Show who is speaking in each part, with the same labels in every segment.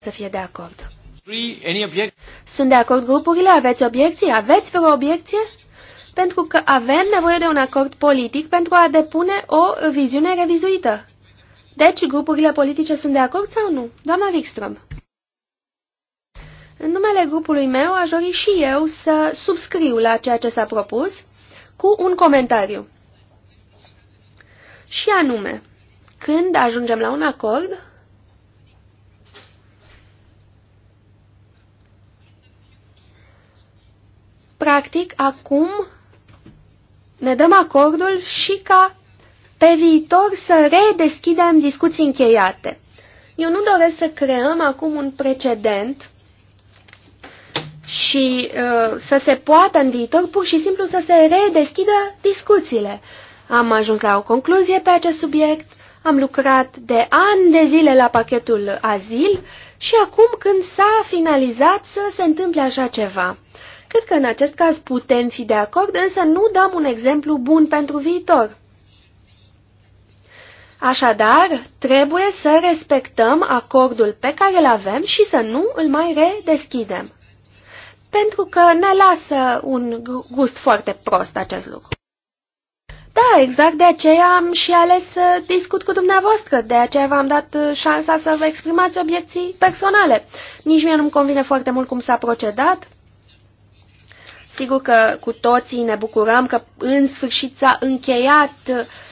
Speaker 1: să fie de acord. Sunt de acord grupurile? Aveți obiecții? Aveți vreo obiecție? Pentru că avem nevoie de un acord politic pentru a depune o viziune revizuită. Deci, grupurile politice sunt de acord sau nu? Doamna Wikström. În numele grupului meu aș dori și eu să subscriu la ceea ce s-a propus cu un comentariu. Și anume, când ajungem la un acord, practic, acum ne dăm acordul și ca pe viitor să redeschidem discuții încheiate. Eu nu doresc să creăm acum un precedent și uh, să se poată în viitor pur și simplu să se redeschidă discuțiile. Am ajuns la o concluzie pe acest subiect, am lucrat de ani de zile la pachetul azil și acum când s-a finalizat să se întâmple așa ceva. Cred că în acest caz putem fi de acord, însă nu dăm un exemplu bun pentru viitor. Așadar, trebuie să respectăm acordul pe care îl avem și să nu îl mai redeschidem. Pentru că ne lasă un gust foarte prost acest lucru. Da, exact de aceea am și ales să discut cu dumneavoastră, de aceea v-am dat uh, șansa să vă exprimați obiecții personale. Nici mie nu-mi convine foarte mult cum s-a procedat, Sigur că cu toții ne bucurăm că în sfârșit s-a încheiat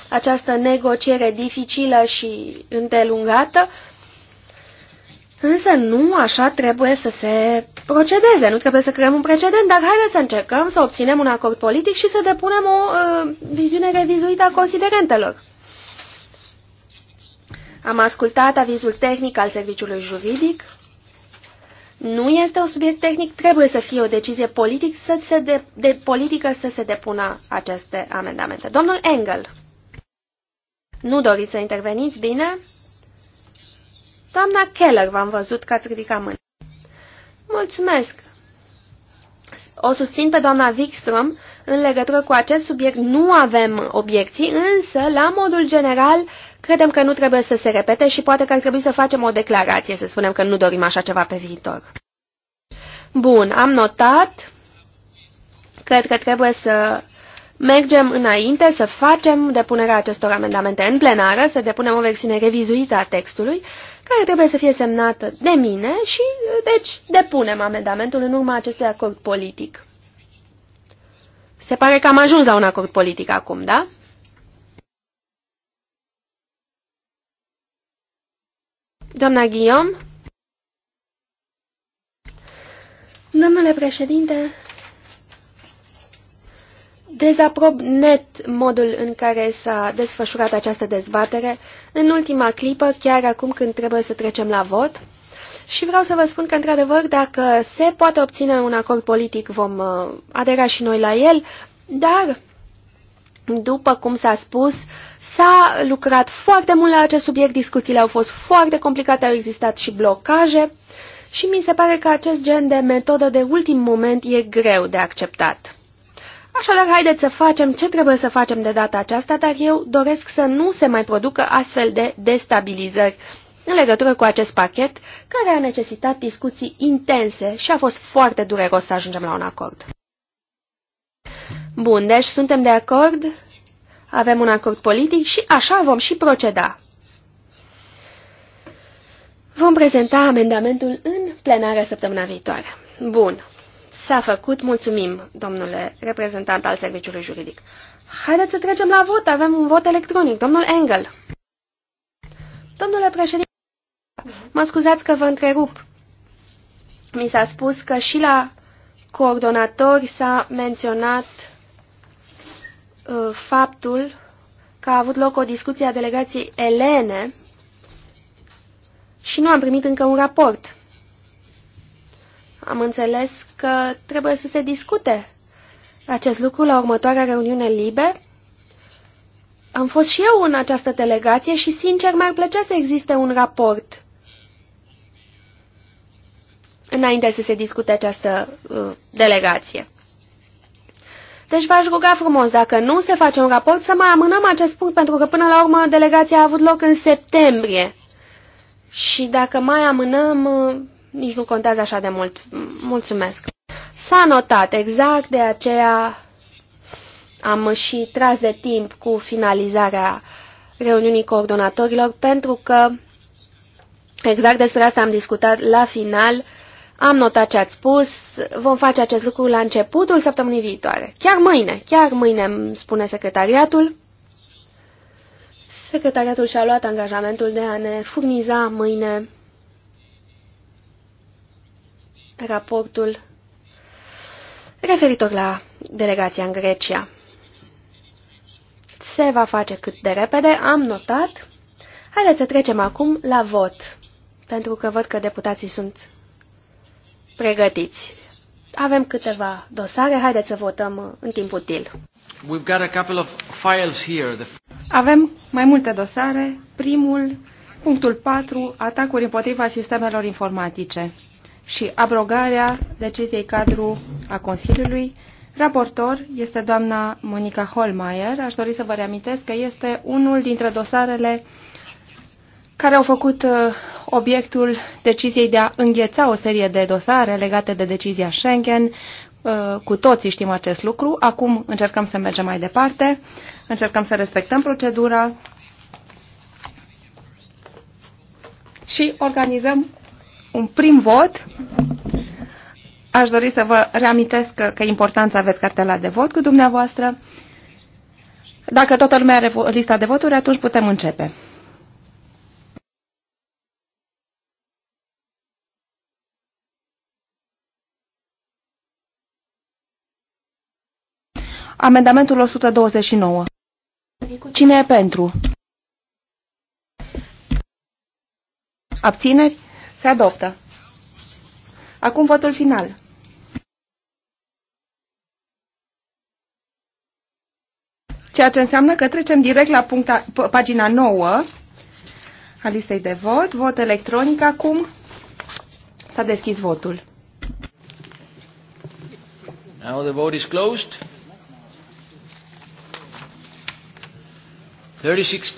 Speaker 1: această negociere dificilă și îndelungată, însă nu așa trebuie să se procedeze, nu trebuie să creăm un precedent, dar haideți să încercăm să obținem un acord politic și să depunem o uh, viziune revizuită a considerentelor. Am ascultat avizul tehnic al serviciului juridic nu este un subiect tehnic, trebuie să fie o decizie politic să se de, de politică să se depună aceste amendamente. Domnul Engel, nu doriți să interveniți bine? Doamna Keller, v-am văzut că ați ridicat mâna. Mulțumesc! O susțin pe doamna Wikström în legătură cu acest subiect nu avem obiecții, însă, la modul general, credem că nu trebuie să se repete și poate că ar trebui să facem o declarație, să spunem că nu dorim așa ceva pe viitor. Bun, am notat. Cred că trebuie să mergem înainte, să facem depunerea acestor amendamente în plenară, să depunem o versiune revizuită a textului, care trebuie să fie semnată de mine și, deci, depunem amendamentul în urma acestui acord politic. Se pare că am ajuns la un acord politic acum, da? Doamna Guillaume? Domnule președinte, dezaprob net modul în care s-a desfășurat această dezbatere în ultima clipă, chiar acum când trebuie să trecem la vot. Și vreau să vă spun că, într-adevăr, dacă se poate obține un acord politic, vom uh, adera și noi la el, dar, după cum s-a spus, s-a lucrat foarte mult la acest subiect, discuțiile au fost foarte complicate, au existat și blocaje și mi se pare că acest gen de metodă de ultim moment e greu de acceptat. Așadar, haideți să facem ce trebuie să facem de data aceasta, dar eu doresc să nu se mai producă astfel de destabilizări în legătură cu acest pachet, care a necesitat discuții intense și a fost foarte dureros să ajungem la un acord. Bun, deci suntem de acord, avem un acord politic și așa vom și proceda. Vom prezenta amendamentul în plenară săptămâna viitoare. Bun. S-a făcut. Mulțumim, domnule reprezentant al serviciului juridic. Haideți să trecem la vot. Avem un vot electronic. Domnul Engel. Domnule președinte, mă scuzați că vă întrerup. Mi s-a spus că și la coordonatori s-a menționat uh, faptul că a avut loc o discuție a delegației Elene și nu am primit încă un raport. Am înțeles că trebuie să se discute acest lucru la următoarea reuniune liber. Am fost și eu în această delegație și, sincer, mi-ar plăcea să existe un raport înainte să se discute această uh, delegație. Deci v-aș ruga frumos, dacă nu se face un raport, să mai amânăm acest punct, pentru că până la urmă delegația a avut loc în septembrie. Și dacă mai amânăm, uh, nici nu contează așa de mult. Mulțumesc. S-a notat exact, de aceea am și tras de timp cu finalizarea reuniunii coordonatorilor, pentru că exact despre asta am discutat la final. Am notat ce ați spus, vom face acest lucru la începutul săptămânii viitoare. Chiar mâine, chiar mâine, îmi spune secretariatul. Secretariatul și-a luat angajamentul de a ne furniza mâine raportul referitor la delegația în Grecia. Se va face cât de repede, am notat. Haideți să trecem acum la vot, pentru că văd că deputații sunt pregătiți. Avem câteva dosare, haideți să votăm în timp util. We've got a couple of files here. The... Avem mai multe
Speaker 2: dosare. Primul, punctul 4, atacuri împotriva sistemelor informatice și abrogarea deciziei cadru a Consiliului. Raportor este doamna Monica Holmeier. Aș dori să vă reamintesc că este unul dintre dosarele care au făcut uh, obiectul deciziei de a îngheța o serie de dosare legate de decizia Schengen. Uh, cu toții știm acest lucru. Acum încercăm să mergem mai departe. Încercăm să respectăm procedura și organizăm un prim vot. Aș dori să vă reamintesc că, că e important să aveți cartela de vot cu dumneavoastră. Dacă toată lumea are lista de voturi, atunci putem începe. Amendamentul 129. Cine e pentru? Abțineri? Se adoptă. Acum votul final. Ceea ce înseamnă că trecem direct la puncta, pagina 9 a listei de vot. Vot electronic acum. S-a deschis votul.
Speaker 1: Now the vote is closed. 36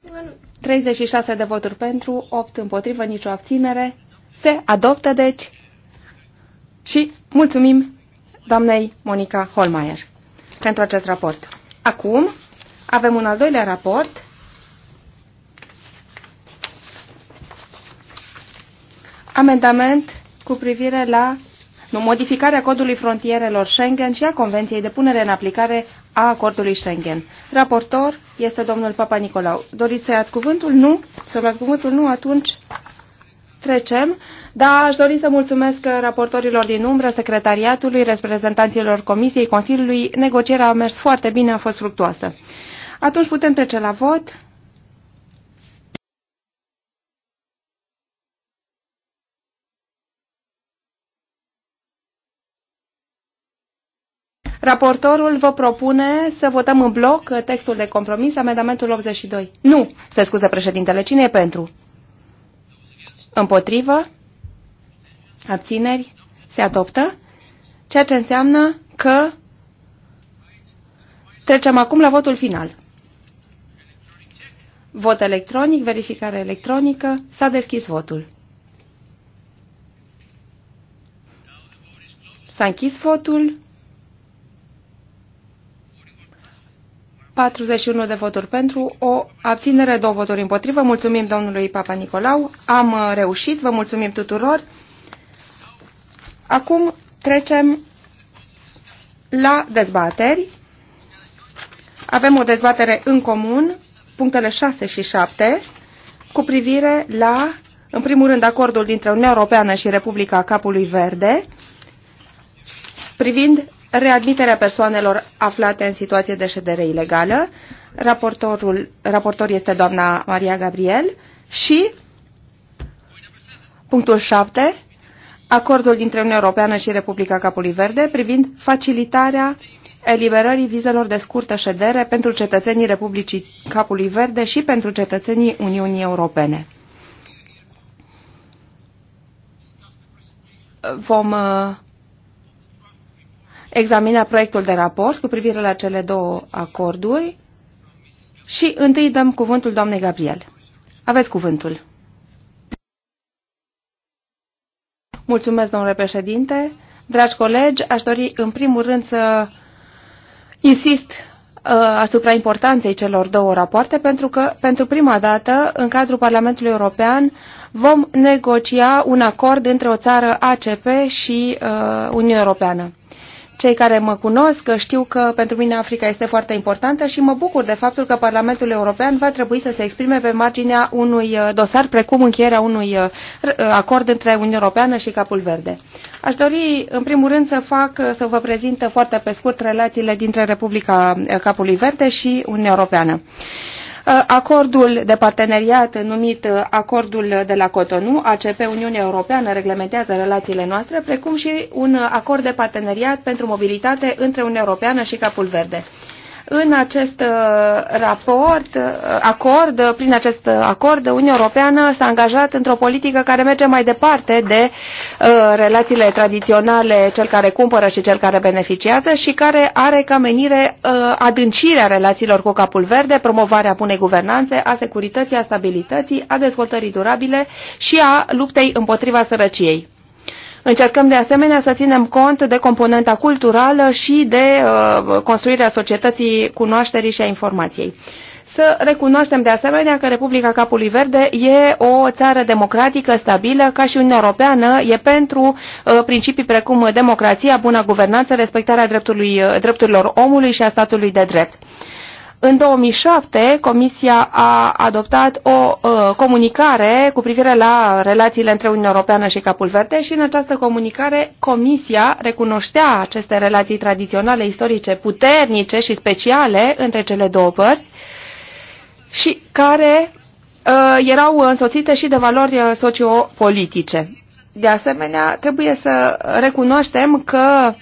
Speaker 2: plus. de voturi pentru, 8 împotrivă, nicio abținere. Se adoptă, deci, și mulțumim doamnei Monica Holmeier pentru acest raport. Acum avem un al doilea raport amendament cu privire la modificarea codului frontierelor Schengen și a Convenției de punere în aplicare a acordului Schengen. Raportor este domnul Papa Nicolau. Doriți să iați cuvântul? Nu? Să luați cuvântul? Nu? Atunci trecem. Da, aș dori să mulțumesc raportorilor din umbră, secretariatului, reprezentanților Comisiei, Consiliului. Negocierea a mers foarte bine, a fost fructuoasă. Atunci putem trece la vot. Raportorul vă propune să votăm în bloc textul de compromis, amendamentul 82. Nu, se scuze președintele. Cine e pentru? Împotrivă? Abțineri? Se adoptă? Ceea ce înseamnă că trecem acum la votul final. Vot electronic, verificare electronică, s-a deschis votul. S-a închis votul. 41 de voturi pentru, o abținere, două voturi împotrivă. Mulțumim domnului Papa Nicolau. Am uh, reușit, vă mulțumim tuturor. Acum trecem la dezbateri. Avem o dezbatere în comun, punctele 6 și 7, cu privire la, în primul rând, acordul dintre Uniunea Europeană și Republica Capului Verde, privind readmiterea persoanelor aflate în situație de ședere ilegală. Raportorul, raportor este doamna Maria Gabriel și punctul 7, acordul dintre Uniunea Europeană și Republica Capului Verde privind facilitarea eliberării vizelor de scurtă ședere pentru cetățenii Republicii Capului Verde și pentru cetățenii Uniunii Europene. Vom uh, examina proiectul de raport cu privire la cele două acorduri și întâi dăm cuvântul doamnei Gabriel. Aveți cuvântul. Mulțumesc, domnule președinte. Dragi colegi, aș dori în primul rând să insist uh, asupra importanței celor două rapoarte, pentru că, pentru prima dată, în cadrul Parlamentului European, vom negocia un acord între o țară ACP și uh, Uniunea Europeană. Cei care mă cunosc știu că pentru mine Africa este foarte importantă și mă bucur de faptul că Parlamentul European va trebui să se exprime pe marginea unui uh, dosar precum încheierea unui uh, uh, acord între Uniunea Europeană și Capul Verde. Aș dori, în primul rând, să fac, să vă prezint foarte pe scurt relațiile dintre Republica Capului Verde și Uniunea Europeană. Uh, acordul de parteneriat, numit uh, acordul de la Cotonou, ACP Uniunea Europeană, reglementează relațiile noastre, precum și un uh, acord de parteneriat pentru mobilitate între Uniunea Europeană și Capul Verde. În acest uh, raport, uh, acord, uh, prin acest acord, Uniunea Europeană s-a angajat într-o politică care merge mai departe de relațiile tradiționale, cel care cumpără și cel care beneficiază și care are ca menire adâncirea relațiilor cu capul verde, promovarea bunei guvernanțe, a securității, a stabilității, a dezvoltării durabile și a luptei împotriva sărăciei. Încercăm de asemenea să ținem cont de componenta culturală și de uh, construirea societății cunoașterii și a informației. Să recunoaștem de asemenea că Republica Capului Verde e o țară democratică, stabilă, ca și Uniunea Europeană, e pentru uh, principii precum democrația, bună guvernanță, respectarea uh, drepturilor omului și a statului de drept. În 2007, Comisia a adoptat o uh, comunicare cu privire la relațiile între Uniunea Europeană și Capul Verde și în această comunicare Comisia recunoștea aceste relații tradiționale, istorice, puternice și speciale între cele două părți și care uh, erau însoțite și de valori uh, sociopolitice. De asemenea, trebuie să recunoaștem că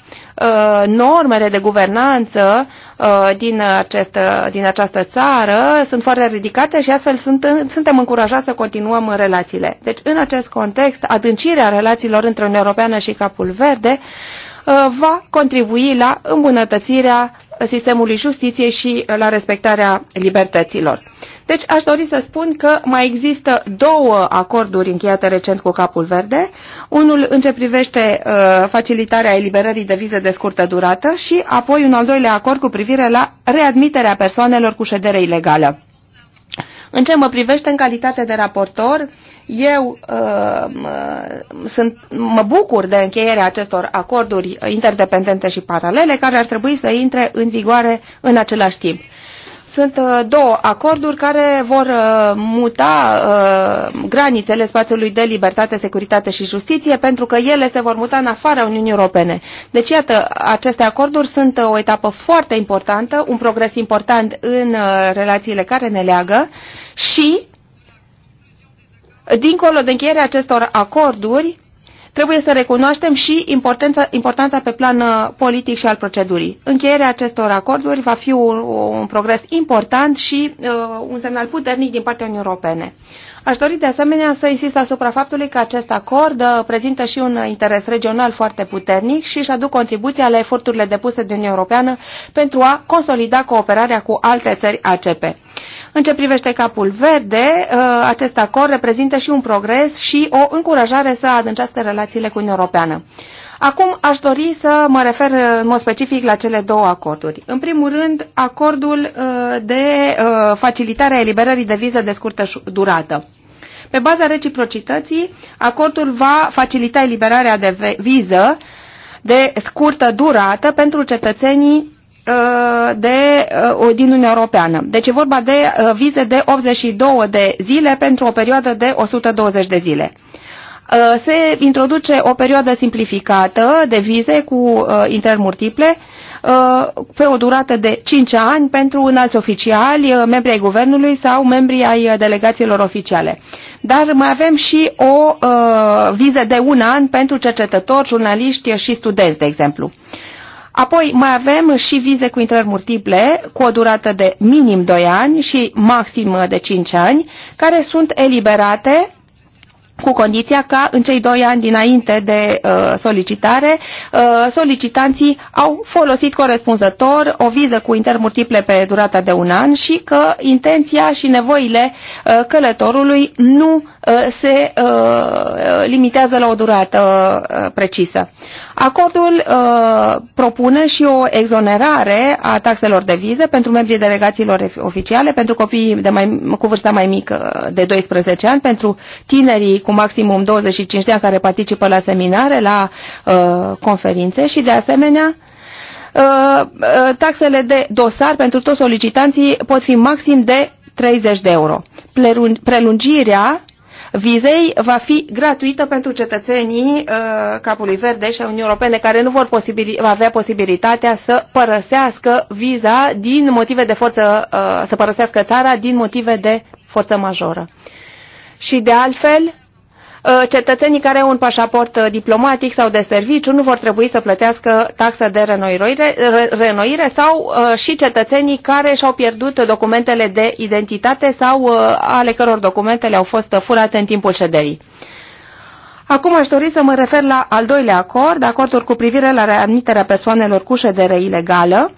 Speaker 2: uh, normele de guvernanță uh, din, acest, uh, din această țară sunt foarte ridicate și astfel sunt, uh, suntem încurajați să continuăm relațiile. Deci, în acest context, adâncirea relațiilor între Uniunea Europeană și Capul Verde uh, va contribui la îmbunătățirea sistemului justiției și la respectarea libertăților. Deci aș dori să spun că mai există două acorduri încheiate recent cu Capul Verde, unul în ce privește uh, facilitarea eliberării de vize de scurtă durată și apoi un al doilea acord cu privire la readmiterea persoanelor cu ședere ilegală. În ce mă privește în calitate de raportor, eu uh, sunt, mă bucur de încheierea acestor acorduri interdependente și paralele care ar trebui să intre în vigoare în același timp. Sunt uh, două acorduri care vor uh, muta uh, granițele spațiului de libertate, securitate și justiție, pentru că ele se vor muta în afara Uniunii Europene. Deci, iată, aceste acorduri sunt o etapă foarte importantă, un progres important în relațiile care ne leagă și, dincolo de încheierea acestor acorduri, trebuie să recunoaștem și importanța, importanța pe plan uh, politic și al procedurii. Încheierea acestor acorduri va fi un, un progres important și uh, un semnal puternic din partea Uniunii Europene. Aș dori de asemenea să insist asupra faptului că acest acord uh, prezintă și un interes regional foarte puternic și își aduc contribuția la eforturile depuse de Uniunea Europeană pentru a consolida cooperarea cu alte țări ACP. În ce privește capul verde, uh, acest acord reprezintă și un progres și o încurajare să adâncească relațiile cu Uniunea Europeană. Acum aș dori să mă refer uh, în mod specific la cele două acorduri. În primul rând, acordul uh, de facilitare a eliberării de viză de scurtă durată. Pe baza reciprocității, acordul va facilita eliberarea de viză de scurtă durată pentru cetățenii Uh, de, uh, din Uniunea Europeană. Deci e vorba de uh, vize de 82 de zile pentru o perioadă de 120 de zile. Se introduce o perioadă simplificată de vize cu intermultiple pe o durată de 5 ani pentru înalți oficiali, membri ai guvernului sau membri ai delegațiilor oficiale. Dar mai avem și o viză de un an pentru cercetători, jurnaliști și studenți, de exemplu. Uh, Apoi mai avem și vize cu intrări multiple, cu o durată de minim 2 ani și maxim uh, de 5 ani, care sunt eliberate cu condiția ca în cei doi ani dinainte de uh, solicitare, uh, solicitanții au folosit corespunzător o viză cu intermultiple pe durata de un an și că intenția și nevoile uh, călătorului nu Uh, se uh, limitează la o durată uh, precisă. Acordul propune și o exonerare a taxelor de viză pentru membrii delegațiilor oficiale, pentru copiii de mai, cu vârsta mai mică de 12 ani, pentru tinerii cu maximum 25 de ani care participă la seminare, la conferințe și de asemenea taxele de dosar pentru toți solicitanții pot fi maxim de 30 de euro. Prelungirea vizei va fi gratuită pentru cetățenii uh, Capului Verde și a Uniunii Europene care nu vor va avea posibilitatea să părăsească viza din motive de forță, uh, să părăsească țara din motive de forță majoră. Și de altfel, Uh, cetățenii care au un pașaport uh, diplomatic sau de serviciu nu vor trebui să plătească taxă de renoire, renoire sau uh, și cetățenii care și-au pierdut documentele de identitate sau ale căror documentele au fost furate în timpul șederii. Acum aș dori să mă refer la al doilea acord, acordul cu privire la readmiterea persoanelor cu ședere ilegală.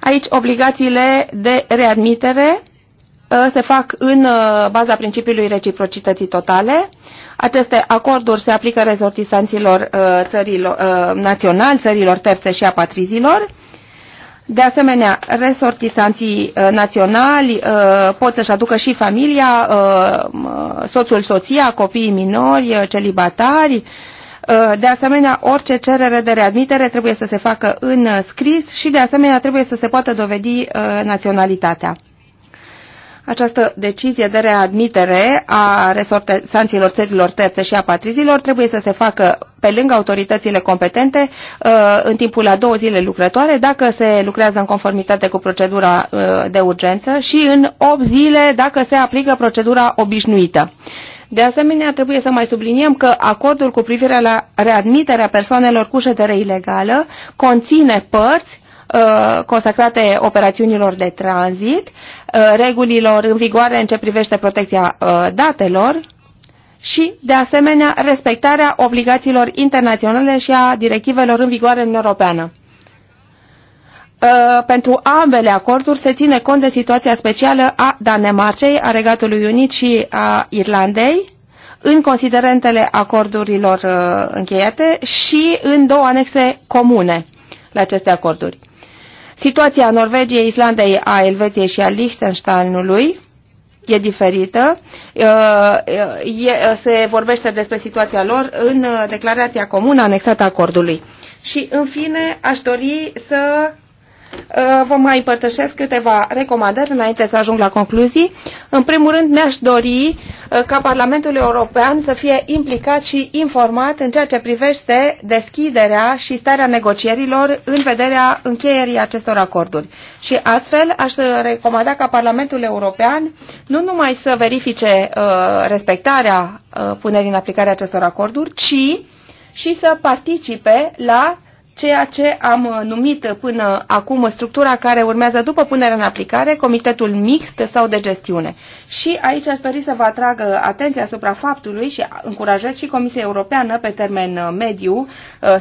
Speaker 2: Aici obligațiile de readmitere Uh, se fac în uh, baza principiului reciprocității totale. Aceste acorduri se aplică rezortisanților uh, țărilor, naționali, țărilor terțe și apatrizilor. De asemenea, resortisanții naționali pot să-și aducă și familia, soțul, soția, copiii minori, celibatari. De asemenea, orice cerere de readmitere trebuie să se facă în scris și, de asemenea, trebuie să se poată dovedi naționalitatea. Această decizie de readmitere a resortesanților țărilor terțe și a patrizilor trebuie să se facă pe lângă autoritățile competente uh, în timpul a două zile lucrătoare, dacă se lucrează în conformitate cu procedura uh, de urgență și în 8 zile dacă se aplică procedura obișnuită. De asemenea, trebuie să mai subliniem că acordul cu privire la readmiterea persoanelor cu ședere ilegală conține părți Uh, consacrate operațiunilor de tranzit, uh, regulilor în vigoare în ce privește protecția uh, datelor și, de asemenea, respectarea obligațiilor internaționale și a directivelor în vigoare în Europeană pentru ambele acorduri se ține cont de situația specială a Danemarcei, a Regatului Unit și a Irlandei în considerentele acordurilor încheiate și în două anexe comune la aceste acorduri. Situația Norvegiei, Islandei, a Elveției și a Liechtensteinului e diferită. Uh, uh, uh, se vorbește despre situația lor în declarația comună anexată acordului. Și, în fine, aș dori să Uh, vă mai împărtășesc câteva recomandări înainte să ajung la concluzii. În primul rând, mi-aș dori uh, ca Parlamentul European să fie implicat și informat în ceea ce privește deschiderea și starea negocierilor în vederea încheierii acestor acorduri. Și astfel aș recomanda ca Parlamentul European nu numai să verifice uh, respectarea punerii în aplicare acestor acorduri, ci și să participe la ceea ce am uh, numit uh, până acum structura care urmează după punerea în aplicare, comitetul mixt sau de gestiune. Și aici aș dori să vă atrag uh, atenția asupra faptului și încurajez și Comisia Europeană pe termen mediu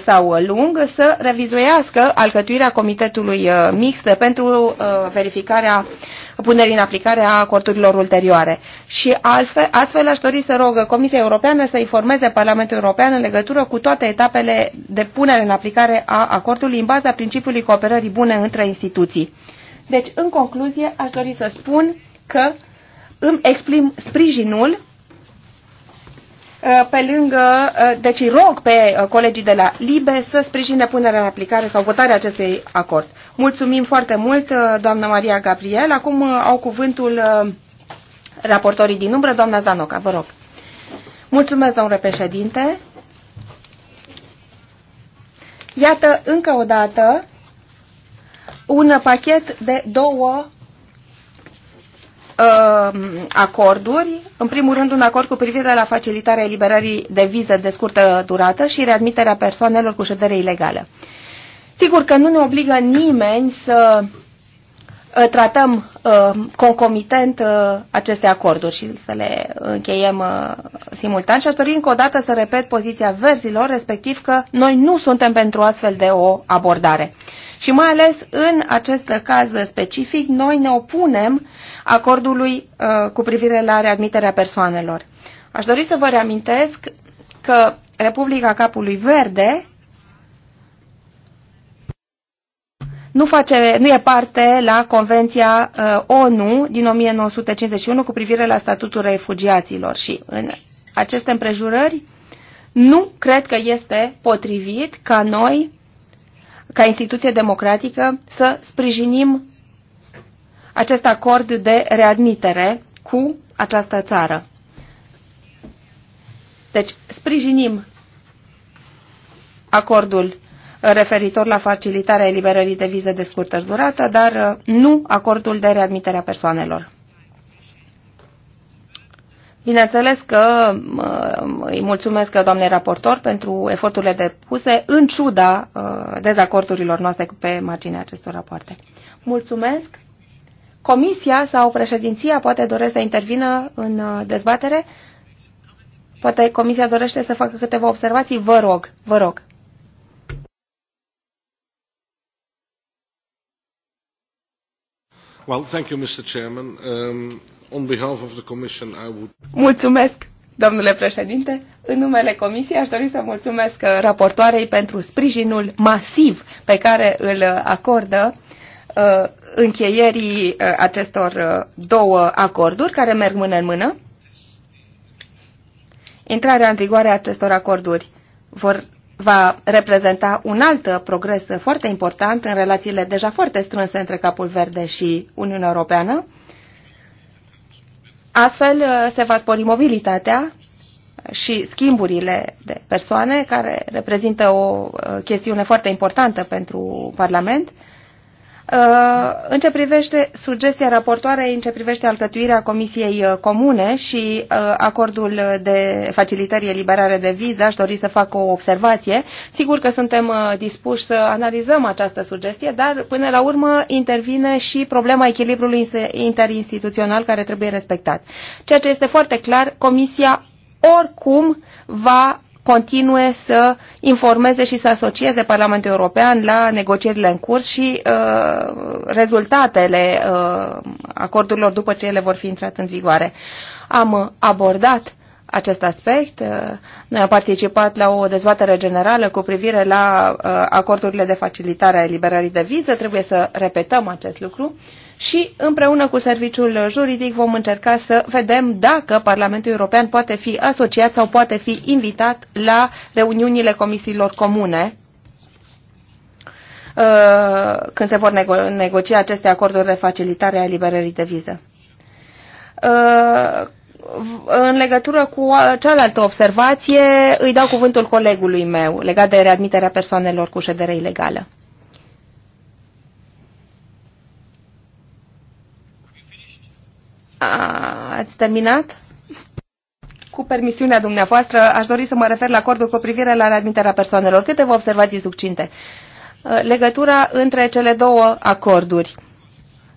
Speaker 2: sau lung să revizuiască alcătuirea comitetului mixt pentru verificarea punerii în aplicare a acordurilor ulterioare. Și altfel, astfel aș dori să rog Comisia Europeană să informeze Parlamentul European în legătură cu toate etapele de punere în aplicare a acordului în baza principiului cooperării bune între instituții. Deci, în concluzie, aș dori să spun că îmi exprim sprijinul uh, pe lângă, uh, deci rog pe uh, colegii de la LIBE să sprijine punerea în aplicare sau votarea acestui acord. Mulțumim foarte mult, uh, doamna Maria Gabriel. Acum uh, au cuvântul uh, raportorii din umbră, doamna Zanoca, vă rog. Mulțumesc, domnule președinte. Iată, încă o dată, un pachet de două acorduri. În primul rând, un acord cu privire la facilitarea eliberării de vize de scurtă durată și readmiterea persoanelor cu ședere ilegală. Sigur că nu ne obligă nimeni să uh, tratăm uh, concomitent uh, aceste acorduri și să le încheiem uh, simultan și aș dori încă o dată să repet poziția verzilor, respectiv că noi nu suntem pentru astfel de o abordare. Și mai ales în acest caz specific, noi ne opunem acordului uh, cu privire la readmiterea persoanelor. Aș dori să vă reamintesc că Republica Capului Verde nu, face, nu e parte la Convenția uh, ONU din 1951 cu privire la statutul refugiaților și în aceste împrejurări nu cred că este potrivit ca noi, ca instituție democratică, să sprijinim acest acord de readmitere cu această țară. Deci, sprijinim acordul referitor la facilitarea eliberării de vize de scurtă durată, dar uh, nu acordul de readmitere a persoanelor. Bineînțeles că uh, îi mulțumesc uh, doamnei raportor pentru eforturile depuse în ciuda dezacordurilor noastre pe marginea acestor rapoarte. Mulțumesc! Comisia sau președinția poate doresc să intervină în dezbatere? Poate comisia dorește să facă câteva observații? Vă rog, vă rog.
Speaker 1: Mulțumesc,
Speaker 2: domnule președinte. În numele Comisiei aș dori să mulțumesc uh, raportoarei pentru sprijinul masiv pe care îl uh, acordă uh, încheierii acestor două acorduri care merg mână în mână. Intrarea în vigoare a acestor acorduri vor va reprezenta un alt progres foarte important în relațiile deja foarte strânse între Capul Verde și Uniunea Europeană. Astfel uh, se va spori mobilitatea și schimburile de persoane, care reprezintă o uh, chestiune foarte importantă pentru Parlament. În ce privește sugestia raportoarei, în ce privește alcătuirea Comisiei uh, Comune și uh, acordul de facilitări eliberare de viză, aș dori să fac o observație. Sigur că suntem uh, dispuși să analizăm această sugestie, dar până la urmă intervine și problema echilibrului interinstituțional care trebuie respectat. Ceea ce este foarte clar, Comisia oricum va continue să informeze și să asocieze Parlamentul European la negocierile în curs și uh, rezultatele uh, acordurilor după ce ele vor fi intrate în vigoare. Am abordat acest aspect. Uh, noi am participat la o dezbatere generală cu privire la uh, acordurile de facilitare a eliberării de viză. Trebuie să repetăm acest lucru și împreună cu serviciul juridic vom încerca să vedem dacă Parlamentul European poate fi asociat sau poate fi invitat la reuniunile comisiilor comune uh, când se vor nego negocia aceste acorduri de facilitare a eliberării de viză în legătură cu cealaltă observație, îi dau cuvântul colegului meu legat de readmiterea persoanelor cu ședere ilegală. Ați terminat? Cu permisiunea dumneavoastră, aș dori să mă refer la acordul cu privire la readmiterea persoanelor. Câteva observații succinte. Legătura între cele două acorduri.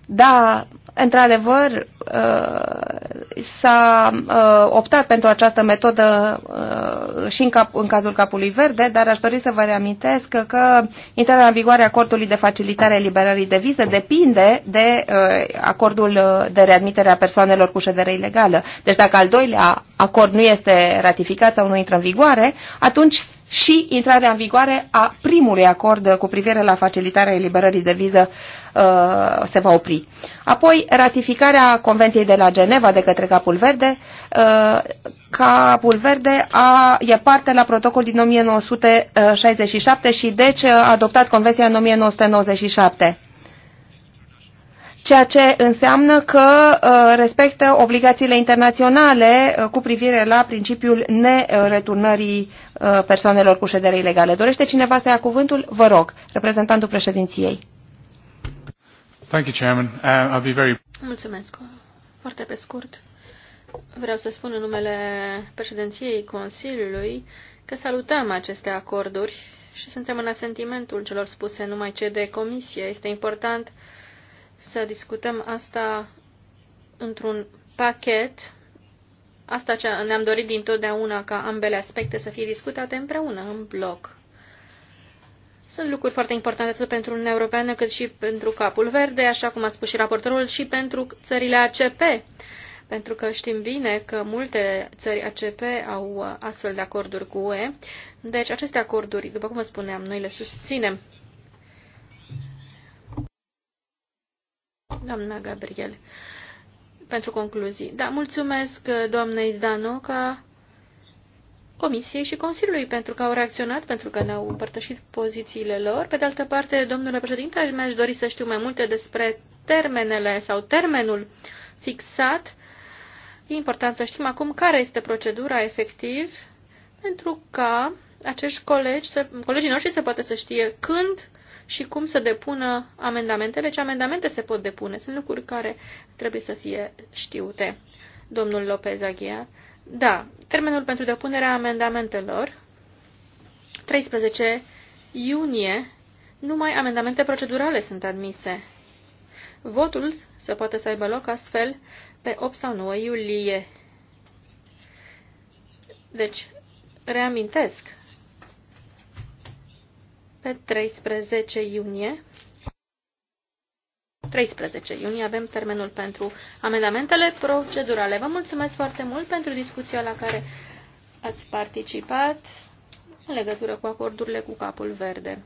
Speaker 2: Da, Într-adevăr, uh, s-a uh, optat pentru această metodă uh, și în, cap, în cazul capului verde, dar aș dori să vă reamintesc că intrarea în vigoare a acordului de facilitare a eliberării de vize depinde de acordul de readmitere a persoanelor cu ședere ilegală. Deci dacă al doilea acord nu este ratificat sau nu intră în vigoare, atunci și intrarea în vigoare a primului acord cu privire la facilitarea eliberării de viză uh, Uh, se va opri. Apoi, ratificarea Convenției de la Geneva de către Capul Verde. Uh, Capul Verde a, e parte la protocol din 1967 și deci a adoptat Convenția în 1997 ceea ce înseamnă că uh, respectă obligațiile internaționale cu privire la principiul nereturnării persoanelor cu ședere ilegale. Dorește cineva să ia cuvântul? Vă rog, reprezentantul
Speaker 1: președinției. Thank you, Chairman. Uh, I'll be very...
Speaker 3: Mulțumesc. Foarte pe scurt. Vreau să spun în numele președinției Consiliului că salutăm aceste acorduri și suntem în asentimentul celor spuse numai ce de comisie. Este important să discutăm asta într-un pachet. Asta ce ne-am dorit dintotdeauna ca ambele aspecte să fie discutate împreună, în bloc. Sunt lucruri foarte importante atât pentru Uniunea Europeană cât și pentru Capul Verde, așa cum a spus și raportorul, și pentru țările ACP, pentru că știm bine că multe țări ACP au astfel de acorduri cu UE. Deci aceste acorduri, după cum vă spuneam, noi le susținem. Doamna Gabriel, pentru concluzii. Da, mulțumesc doamnei Zdanoca Comisiei și Consiliului pentru că au reacționat, pentru că ne-au împărtășit pozițiile lor. Pe de altă parte, domnule președinte, mi-aș dori să știu mai multe despre termenele sau termenul fixat. E important să știm acum care este procedura efectiv pentru ca acești colegi, să, colegii noștri să poată să știe când și cum să depună amendamentele, ce amendamente se pot depune. Sunt lucruri care trebuie să fie știute, domnul Lopez Aghia. Da, termenul pentru depunerea amendamentelor, 13 iunie, numai amendamente procedurale sunt admise. Votul se poate să aibă loc astfel pe 8 sau 9 iulie. Deci, reamintesc, pe 13 iunie 13 iunie avem termenul pentru amendamentele procedurale. Vă mulțumesc foarte mult pentru discuția la care ați participat în legătură cu acordurile cu capul verde.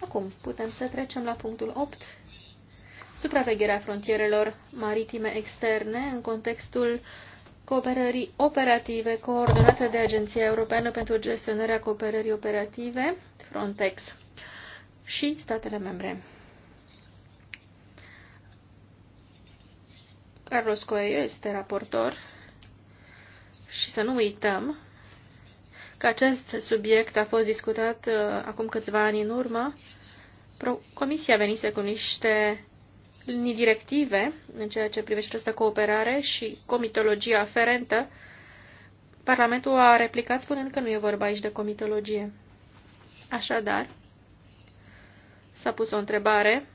Speaker 3: Acum putem să trecem la punctul 8. Supravegherea frontierelor maritime externe în contextul cooperării operative coordonate de Agenția Europeană pentru gestionarea cooperării operative, Frontex, și statele membre. Carlos Coelho este raportor și să nu uităm că acest subiect a fost discutat uh, acum câțiva ani în urmă. Comisia venise cu niște linii directive în ceea ce privește această cooperare și comitologia aferentă. Parlamentul a replicat spunând că nu e vorba aici de comitologie. Așadar, s-a pus o întrebare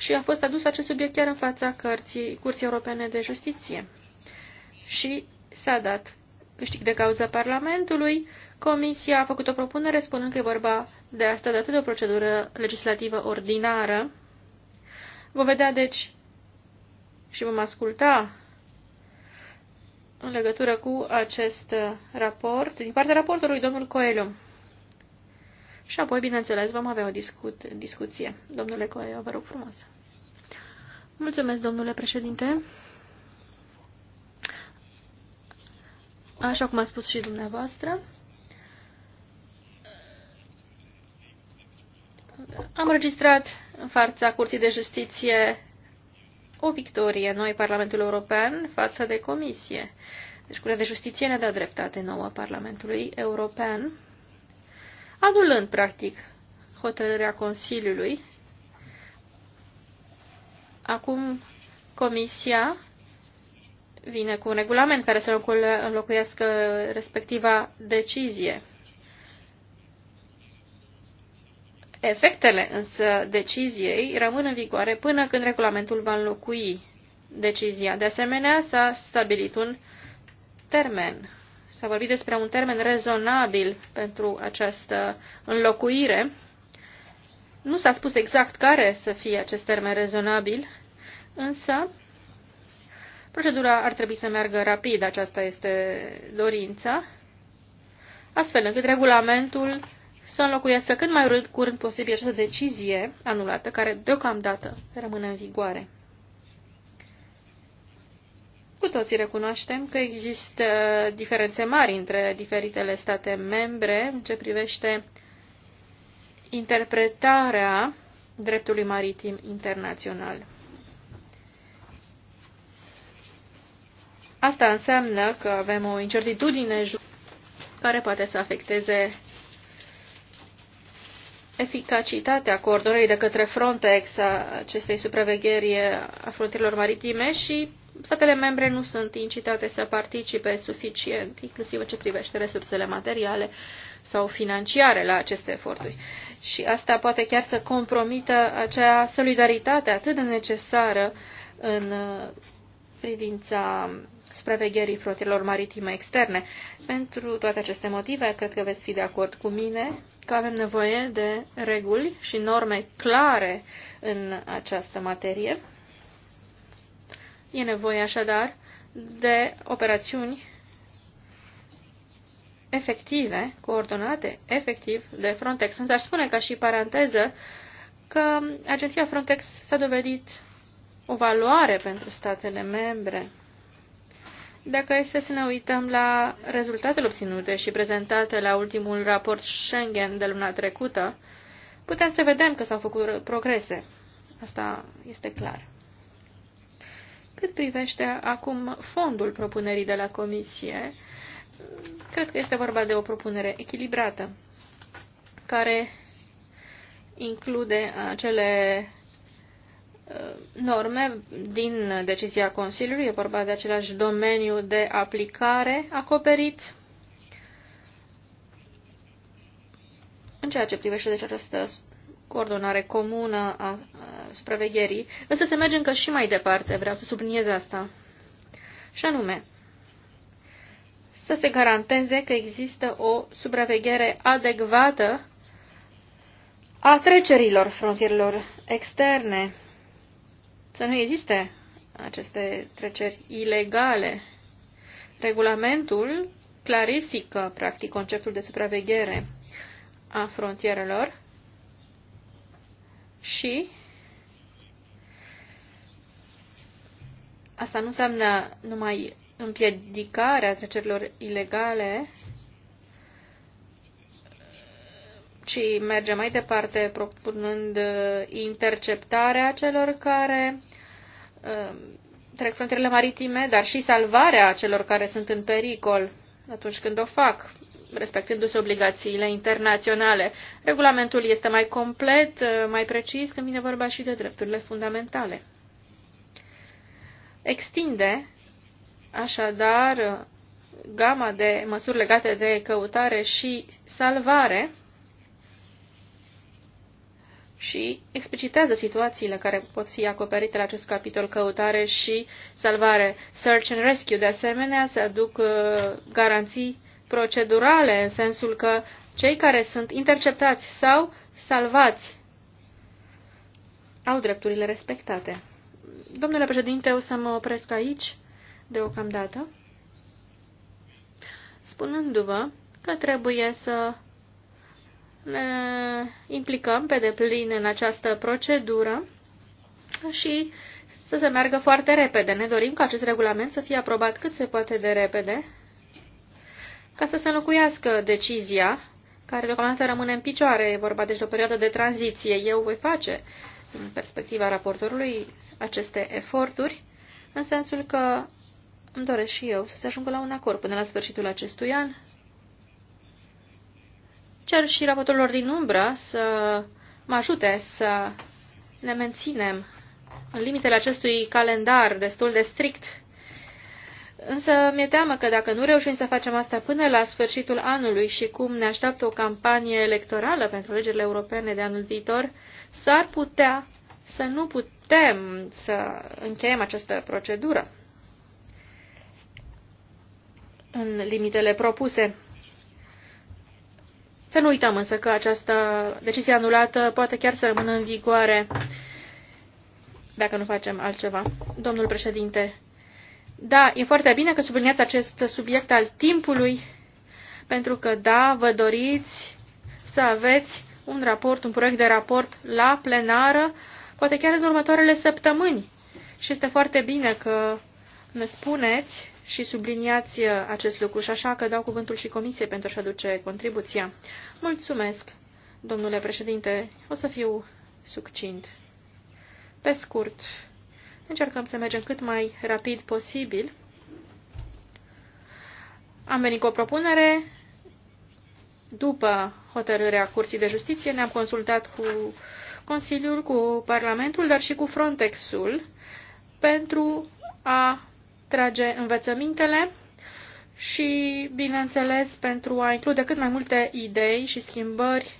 Speaker 3: și a fost adus acest subiect chiar în fața cărții, Curții Europene de Justiție. Și s-a dat câștig de cauză Parlamentului. Comisia a făcut o propunere spunând că e vorba de asta dată de o procedură legislativă ordinară. Vom vedea, deci, și vom asculta în legătură cu acest raport din partea raportorului domnul Coelho. Și apoi, bineînțeles, vom avea o discut discuție. Domnule Coelho, vă rog frumos. Mulțumesc, domnule președinte. Așa cum a spus și dumneavoastră, am registrat în fața Curții de Justiție o victorie noi, Parlamentul European, față de Comisie. Deci Curtea de Justiție ne-a dat dreptate nouă Parlamentului European anulând, practic, hotărârea Consiliului. Acum Comisia vine cu un regulament care să înlocuiască respectiva decizie. Efectele însă deciziei rămân în vigoare până când regulamentul va înlocui decizia. De asemenea, s-a stabilit un termen S-a vorbit despre un termen rezonabil pentru această înlocuire. Nu s-a spus exact care să fie acest termen rezonabil, însă procedura ar trebui să meargă rapid, aceasta este dorința, astfel încât regulamentul să înlocuiască cât mai curând posibil această decizie anulată, care deocamdată rămâne în vigoare. Cu toții recunoaștem că există diferențe mari între diferitele state membre în ce privește interpretarea dreptului maritim internațional. Asta înseamnă că avem o incertitudine care poate să afecteze eficacitatea coordonării de către Frontex a acestei supravegheri a frontierilor maritime și statele membre nu sunt incitate să participe suficient, inclusiv în ce privește resursele materiale sau financiare la aceste eforturi. Și asta poate chiar să compromită acea solidaritate atât de necesară în uh, privința supravegherii frotelor maritime externe. Pentru toate aceste motive, cred că veți fi de acord cu mine că avem nevoie de reguli și norme clare în această materie E nevoie așadar de operațiuni efective, coordonate efectiv de Frontex. Însă aș spune ca și paranteză că agenția Frontex s-a dovedit o valoare pentru statele membre. Dacă este să ne uităm la rezultatele obținute și prezentate la ultimul raport Schengen de luna trecută, putem să vedem că s-au făcut progrese. Asta este clar. Cât privește acum fondul propunerii de la Comisie, cred că este vorba de o propunere echilibrată, care include acele uh, norme din decizia Consiliului, e vorba de același domeniu de aplicare acoperit în ceea ce privește deci această coordonare comună a supravegherii, însă se merge încă și mai departe, vreau să subliniez asta. Și anume, să se garanteze că există o supraveghere adecvată a trecerilor frontierelor externe, să nu existe aceste treceri ilegale. Regulamentul clarifică, practic, conceptul de supraveghere a frontierelor și Asta nu înseamnă numai împiedicarea trecerilor ilegale, ci merge mai departe propunând uh, interceptarea celor care uh, trec frontierele maritime, dar și salvarea celor care sunt în pericol atunci când o fac, respectându-se obligațiile internaționale. Regulamentul este mai complet, uh, mai precis când vine vorba și de drepturile fundamentale extinde așadar gama de măsuri legate de căutare și salvare și explicitează situațiile care pot fi acoperite la acest capitol căutare și salvare. Search and Rescue, de asemenea, se aduc uh, garanții procedurale, în sensul că cei care sunt interceptați sau salvați au drepturile respectate. Domnule președinte, o să mă opresc aici deocamdată, spunându-vă că trebuie să ne implicăm pe deplin în această procedură și să se meargă foarte repede. Ne dorim ca acest regulament să fie aprobat cât se poate de repede, ca să se înlocuiască decizia care deocamdată rămâne în picioare. E vorba deci de o perioadă de tranziție. Eu voi face, în perspectiva raportorului, aceste eforturi, în sensul că îmi doresc și eu să se ajungă la un acord până la sfârșitul acestui an. Cer și raportorilor din umbră să mă ajute să ne menținem în limitele acestui calendar destul de strict. Însă mi-e teamă că dacă nu reușim să facem asta până la sfârșitul anului și cum ne așteaptă o campanie electorală pentru legile europene de anul viitor, s-ar putea să nu, putem putem să încheiem această procedură în limitele propuse. Să nu uităm însă că această decizie anulată poate chiar să rămână în vigoare dacă nu facem altceva. Domnul președinte, da, e foarte bine că subliniați acest subiect al timpului, pentru că, da, vă doriți să aveți un raport, un proiect de raport la plenară, poate chiar în următoarele săptămâni. Și este foarte bine că ne spuneți și subliniați acest lucru și așa că dau cuvântul și comisiei pentru a-și aduce contribuția. Mulțumesc, domnule președinte, o să fiu succint. Pe scurt, încercăm să mergem cât mai rapid posibil. Am venit cu o propunere. După hotărârea Curții de Justiție ne-am consultat cu Consiliul, cu Parlamentul, dar și cu Frontexul pentru a trage învățămintele și, bineînțeles, pentru a include cât mai multe idei și schimbări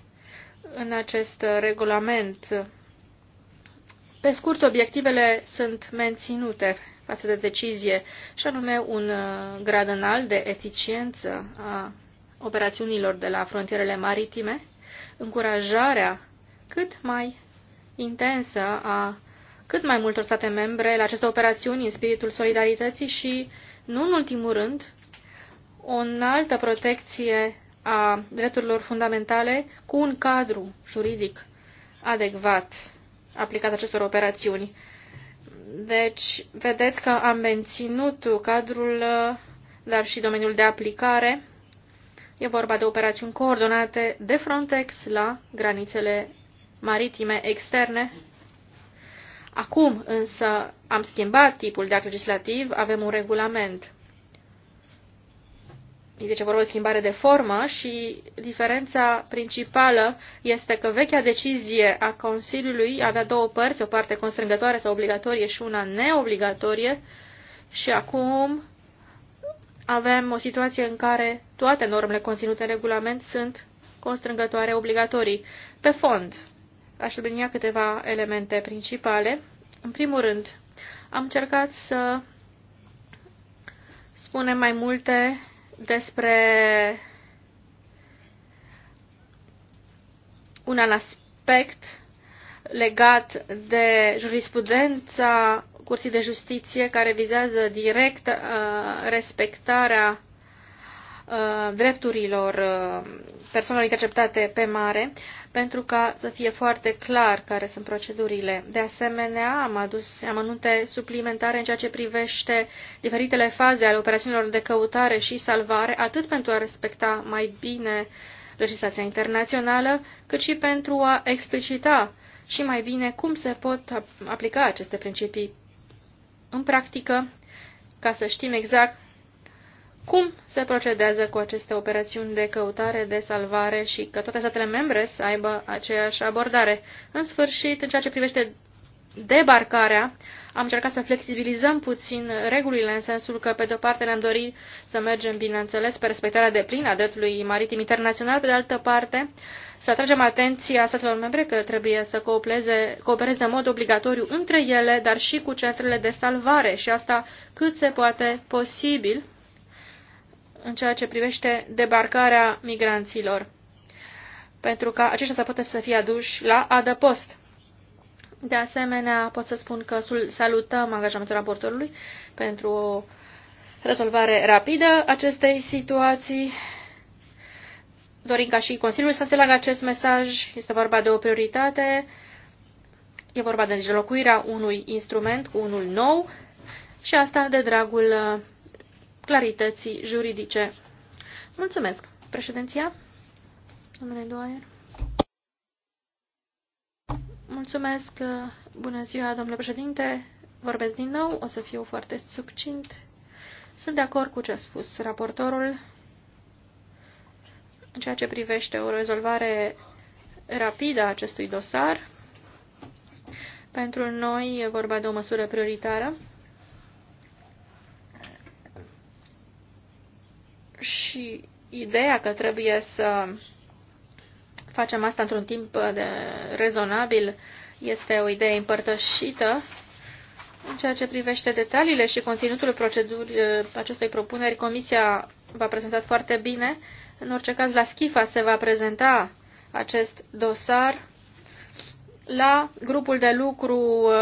Speaker 3: în acest regulament. Pe scurt, obiectivele sunt menținute față de decizie, și anume un uh, grad înalt de eficiență a operațiunilor de la frontierele maritime, încurajarea cât mai intensă a cât mai multor state membre la aceste operațiuni în spiritul solidarității și, nu în ultimul rând, o înaltă protecție a drepturilor fundamentale cu un cadru juridic adecvat aplicat acestor operațiuni. Deci, vedeți că am menținut cadrul, dar și domeniul de aplicare. E vorba de operațiuni coordonate de Frontex la granițele maritime externe. Acum însă am schimbat tipul de act legislativ, avem un regulament. Deci vorbim o schimbare de formă și diferența principală este că vechea decizie a Consiliului avea două părți, o parte constrângătoare sau obligatorie și una neobligatorie și acum avem o situație în care toate normele conținute în regulament sunt constrângătoare obligatorii, pe fond aș sublinia câteva elemente principale. În primul rând, am încercat să spunem mai multe despre un aspect legat de jurisprudența Curții de Justiție care vizează direct uh, respectarea Uh, drepturilor uh, persoanelor interceptate pe mare, pentru ca să fie foarte clar care sunt procedurile. De asemenea, am adus amănunte suplimentare în ceea ce privește diferitele faze ale operațiunilor de căutare și salvare, atât pentru a respecta mai bine legislația internațională, cât și pentru a explicita și mai bine cum se pot aplica aceste principii în practică, ca să știm exact cum se procedează cu aceste operațiuni de căutare, de salvare și că toate statele membre să aibă aceeași abordare. În sfârșit, în ceea ce privește debarcarea, am încercat să flexibilizăm puțin regulile în sensul că, pe de-o parte, ne-am dorit să mergem, bineînțeles, pe respectarea deplină a dreptului maritim internațional, pe de altă parte, să atragem atenția statelor membre că trebuie să coopereze, coopereze în mod obligatoriu între ele, dar și cu centrele de salvare și asta cât se poate posibil în ceea ce privește debarcarea migranților, pentru ca aceștia să poată să fie aduși la adăpost. De asemenea, pot să spun că salutăm angajamentul raportorului pentru o rezolvare rapidă acestei situații. Dorim ca și Consiliul să înțeleagă acest mesaj. Este vorba de o prioritate. E vorba de înlocuirea unui instrument cu unul nou și asta de dragul clarității juridice. Mulțumesc. Președinția? Domnule Doaier. Mulțumesc. Bună ziua, domnule președinte. Vorbesc din nou, o să fiu foarte subcint. Sunt de acord cu ce a spus raportorul în ceea ce privește o rezolvare rapidă a acestui dosar. Pentru noi e vorba de o măsură prioritară și ideea că trebuie să facem asta într-un timp de rezonabil este o idee împărtășită. În ceea ce privește detaliile și conținutul procedurii acestei propuneri, Comisia v-a prezentat foarte bine. În orice caz, la Schifa se va prezenta acest dosar la grupul de lucru uh,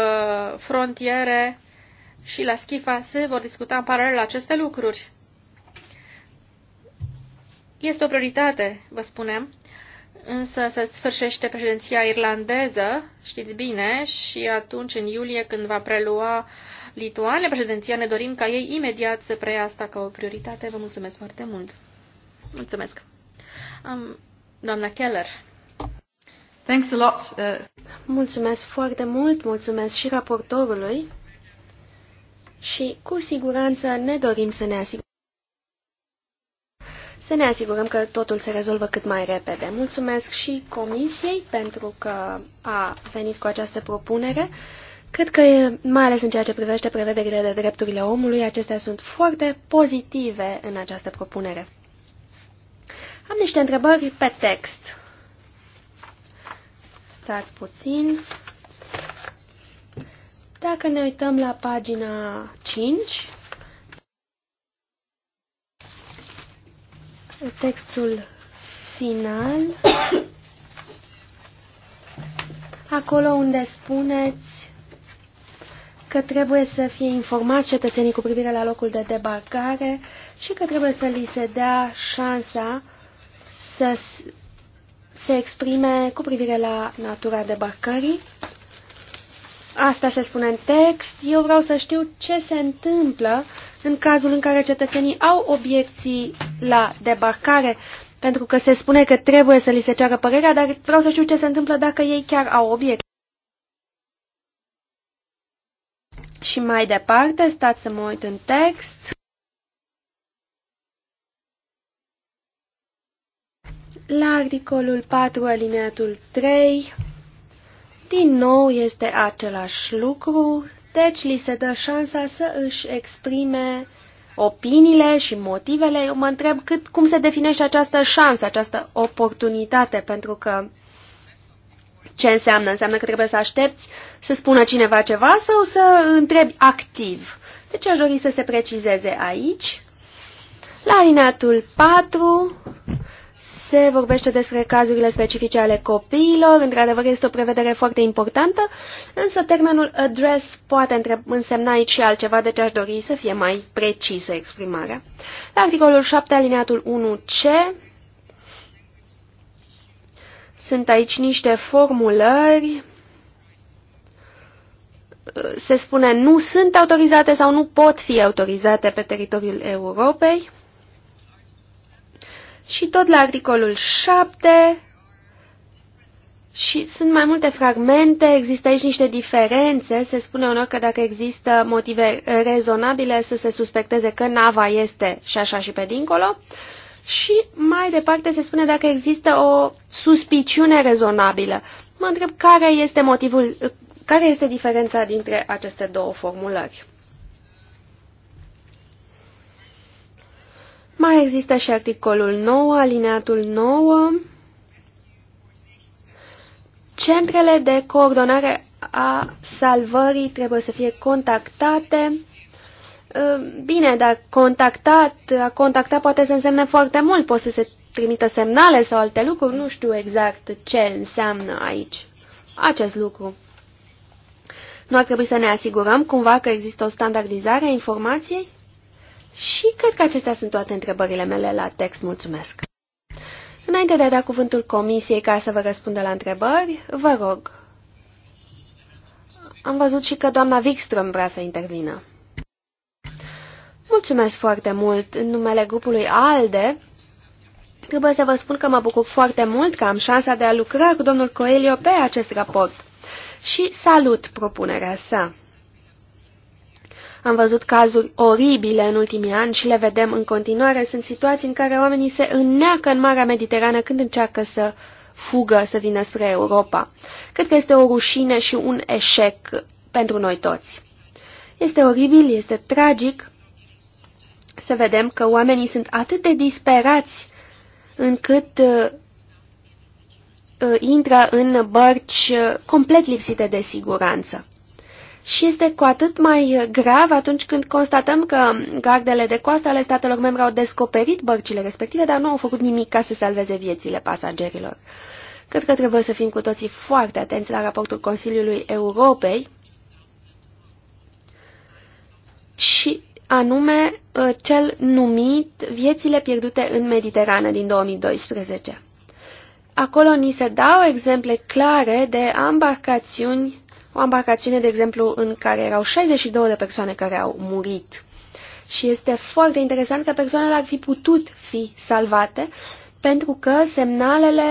Speaker 3: frontiere și la Schifa se vor discuta în paralel aceste lucruri. Este o prioritate, vă spunem, însă se sfârșește președinția irlandeză, știți bine, și atunci, în iulie, când va prelua Lituania președinția, ne dorim ca ei imediat să preia asta ca o prioritate. Vă mulțumesc foarte mult. Mulțumesc. Am... Doamna Keller. Thanks a lot. Uh... Mulțumesc foarte mult, mulțumesc și raportorului.
Speaker 1: Și cu siguranță ne dorim să ne asigurăm să ne asigurăm că totul se rezolvă cât mai repede. Mulțumesc și Comisiei pentru că a venit cu această propunere. Cred că, mai ales în ceea ce privește prevederile de drepturile omului, acestea sunt foarte pozitive în această propunere. Am niște întrebări pe text. Stați puțin. Dacă ne uităm la pagina 5, textul final, acolo unde spuneți că trebuie să fie informați cetățenii cu privire la locul de debarcare și că trebuie să li se dea șansa să se exprime cu privire la natura debarcării Asta se spune în text. Eu vreau să știu ce se întâmplă în cazul în care cetățenii au obiecții la debarcare, pentru că se spune că trebuie să li se ceară părerea, dar vreau să știu ce se întâmplă dacă ei chiar au obiecții. Și mai departe, stați să mă uit în text. La articolul 4, alineatul 3... Din nou este același lucru, deci li se dă șansa să își exprime opiniile și motivele. Eu mă întreb cât, cum se definește această șansă, această oportunitate, pentru că ce înseamnă? Înseamnă că trebuie să aștepți să spună cineva ceva sau să întrebi activ. Deci aș dori să se precizeze aici. La alineatul 4 se vorbește despre cazurile specifice ale copiilor, într-adevăr este o prevedere foarte importantă, însă termenul address poate însemna aici și altceva, deci aș dori să fie mai precisă exprimarea. La articolul 7, alineatul 1C, sunt aici niște formulări se spune nu sunt autorizate sau nu pot fi autorizate pe teritoriul Europei. Și tot la articolul 7 și sunt mai multe fragmente, există aici niște diferențe, se spune unor că dacă există motive rezonabile să se suspecteze că nava este și așa și pe dincolo. Și mai departe se spune dacă există o suspiciune rezonabilă. Mă întreb care este motivul, care este diferența dintre aceste două formulări. Mai există și articolul 9, alineatul 9. Centrele de coordonare a salvării trebuie să fie contactate. Ă, bine, dar contactat, a contacta poate să însemne foarte mult. Poate să se trimită semnale sau alte lucruri. Nu știu exact ce înseamnă aici acest lucru. Nu ar trebui să ne asigurăm cumva că există o standardizare a informației? Și cred că acestea sunt toate întrebările mele la text. Mulțumesc! Înainte de a da cuvântul comisiei ca să vă răspundă la întrebări, vă rog. Am văzut și că doamna Wikström vrea să intervină. Mulțumesc foarte mult în numele grupului ALDE. Trebuie să vă spun că mă bucur foarte mult că am șansa de a lucra cu domnul Coelio pe acest raport și salut propunerea sa. Am văzut cazuri oribile în ultimii ani și le vedem în continuare. Sunt situații în care oamenii se înneacă în Marea Mediterană când încearcă să fugă, să vină spre Europa. Cred că este o rușine și un eșec pentru noi toți. Este oribil, este tragic să vedem că oamenii sunt atât de disperați încât uh, uh intră în bărci uh, complet lipsite de siguranță și este cu atât mai grav atunci când constatăm că gardele de coastă ale statelor membre au descoperit bărcile respective, dar nu au făcut nimic ca să salveze viețile pasagerilor. Cred că trebuie să fim cu toții foarte atenți la raportul Consiliului Europei și anume ă, cel numit Viețile pierdute în Mediterană din 2012. Acolo ni se dau exemple clare de ambarcațiuni o embarcațiune, de exemplu, în care erau 62 de persoane care au murit. Și este foarte interesant că persoanele ar fi putut fi salvate, pentru că semnalele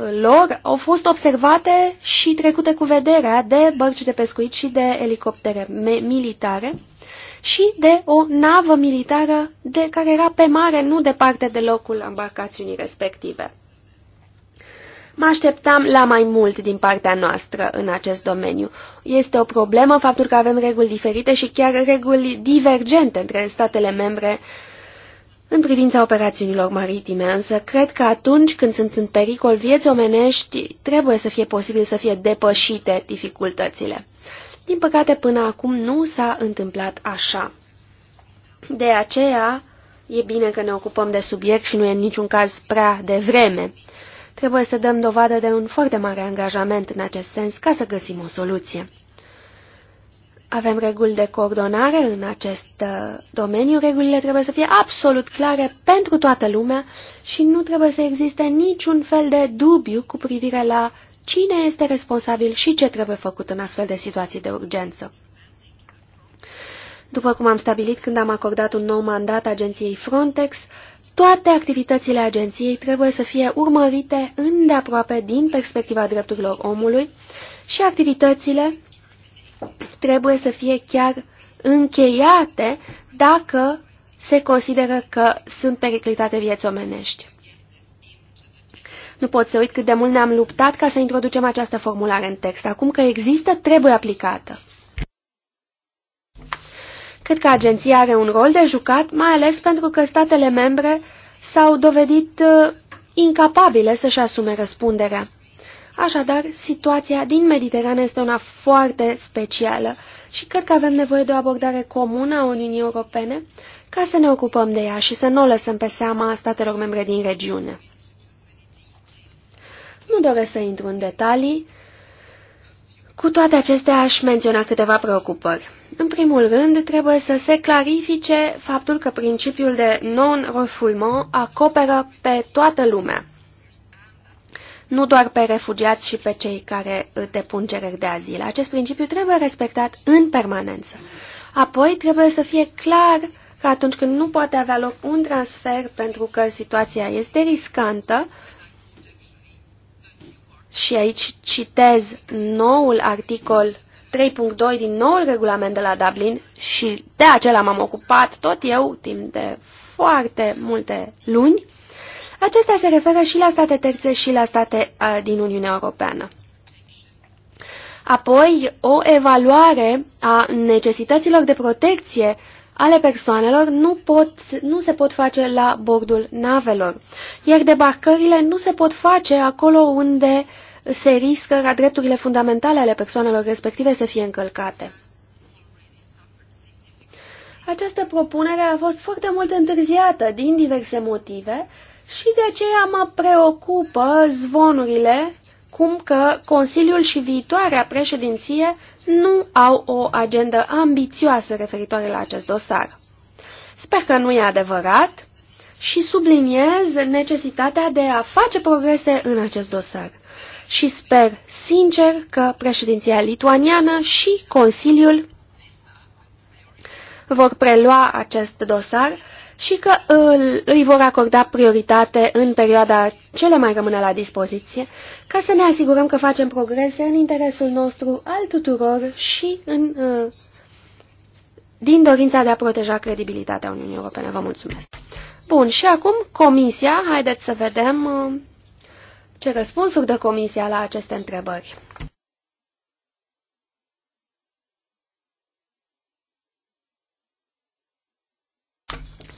Speaker 1: uh, lor au fost observate și trecute cu vederea de bărci de pescuit și de elicoptere militare și de o navă militară de care era pe mare, nu departe de locul embarcațiunii respective. Mă așteptam la mai mult din partea noastră în acest domeniu. Este o problemă faptul că avem reguli diferite și chiar reguli divergente între statele membre în privința operațiunilor maritime, însă cred că atunci când sunt în pericol vieți omenești, trebuie să fie posibil să fie depășite dificultățile. Din păcate, până acum nu s-a întâmplat așa. De aceea, e bine că ne ocupăm de subiect și nu e în niciun caz prea devreme. vreme Trebuie să dăm dovadă de un foarte mare angajament în acest sens ca să găsim o soluție. Avem reguli de coordonare în acest uh, domeniu. Regulile trebuie să fie absolut clare pentru toată lumea și nu trebuie să existe niciun fel de dubiu cu privire la cine este responsabil și ce trebuie făcut în astfel de situații de urgență. După cum am stabilit când am acordat un nou mandat agenției Frontex, toate activitățile agenției trebuie să fie urmărite îndeaproape din perspectiva drepturilor omului și activitățile trebuie să fie chiar încheiate dacă se consideră că sunt periclitate vieți omenești. Nu pot să uit cât de mult ne-am luptat ca să introducem această formulare în text. Acum că există, trebuie aplicată. Cred că agenția are un rol de jucat, mai ales pentru că statele membre s-au dovedit uh, incapabile să-și asume răspunderea. Așadar, situația din Mediterană este una foarte specială și cred că avem nevoie de o abordare comună a Uniunii Europene ca să ne ocupăm de ea și să nu o lăsăm pe seama statelor membre din regiune. Nu doresc să intru în detalii, cu toate acestea aș menționa câteva preocupări. În primul rând, trebuie să se clarifice faptul că principiul de non-refoulement acoperă pe toată lumea, nu doar pe refugiați și pe cei care depun cereri de azil. Acest principiu trebuie respectat în permanență. Apoi, trebuie să fie clar că atunci când nu poate avea loc un transfer pentru că situația este riscantă, și aici citez noul articol 3.2 din noul regulament de la Dublin și de acela m-am ocupat tot eu timp de foarte multe luni. Acestea se referă și la state terțe și la state din Uniunea Europeană. Apoi, o evaluare a necesităților de protecție ale persoanelor nu, pot, nu se pot face la bordul navelor, iar debarcările nu se pot face acolo unde uh, se riscă ca drepturile fundamentale ale persoanelor respective să fie încălcate. Această propunere a fost foarte mult întârziată din diverse motive și de aceea mă preocupă zvonurile cum că Consiliul și viitoarea președinție nu au o agendă ambițioasă referitoare la acest dosar. Sper că nu e adevărat și subliniez necesitatea de a face progrese în acest dosar și sper sincer că președinția lituaniană și Consiliul vor prelua acest dosar și că uh, îi vor acorda prioritate în perioada ce le mai rămâne la dispoziție, ca să ne asigurăm că facem progrese în interesul nostru al tuturor și în, uh, din dorința de a proteja credibilitatea Uniunii Europene. Vă mulțumesc! Bun, și acum Comisia, haideți să vedem uh, ce răspunsuri dă Comisia la aceste întrebări?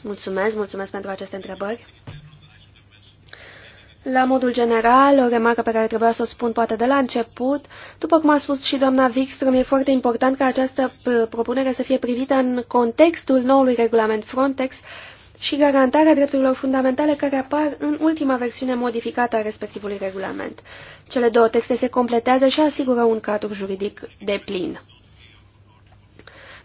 Speaker 1: Mulțumesc, mulțumesc pentru aceste întrebări. La modul general, o remarcă pe care trebuia să o spun poate de la început, după cum a spus și doamna Wikström, e foarte important ca această uh, propunere să fie privită în contextul noului regulament Frontex și garantarea drepturilor fundamentale care apar în ultima versiune modificată a respectivului regulament. Cele două texte se completează și asigură un cadru juridic de plin.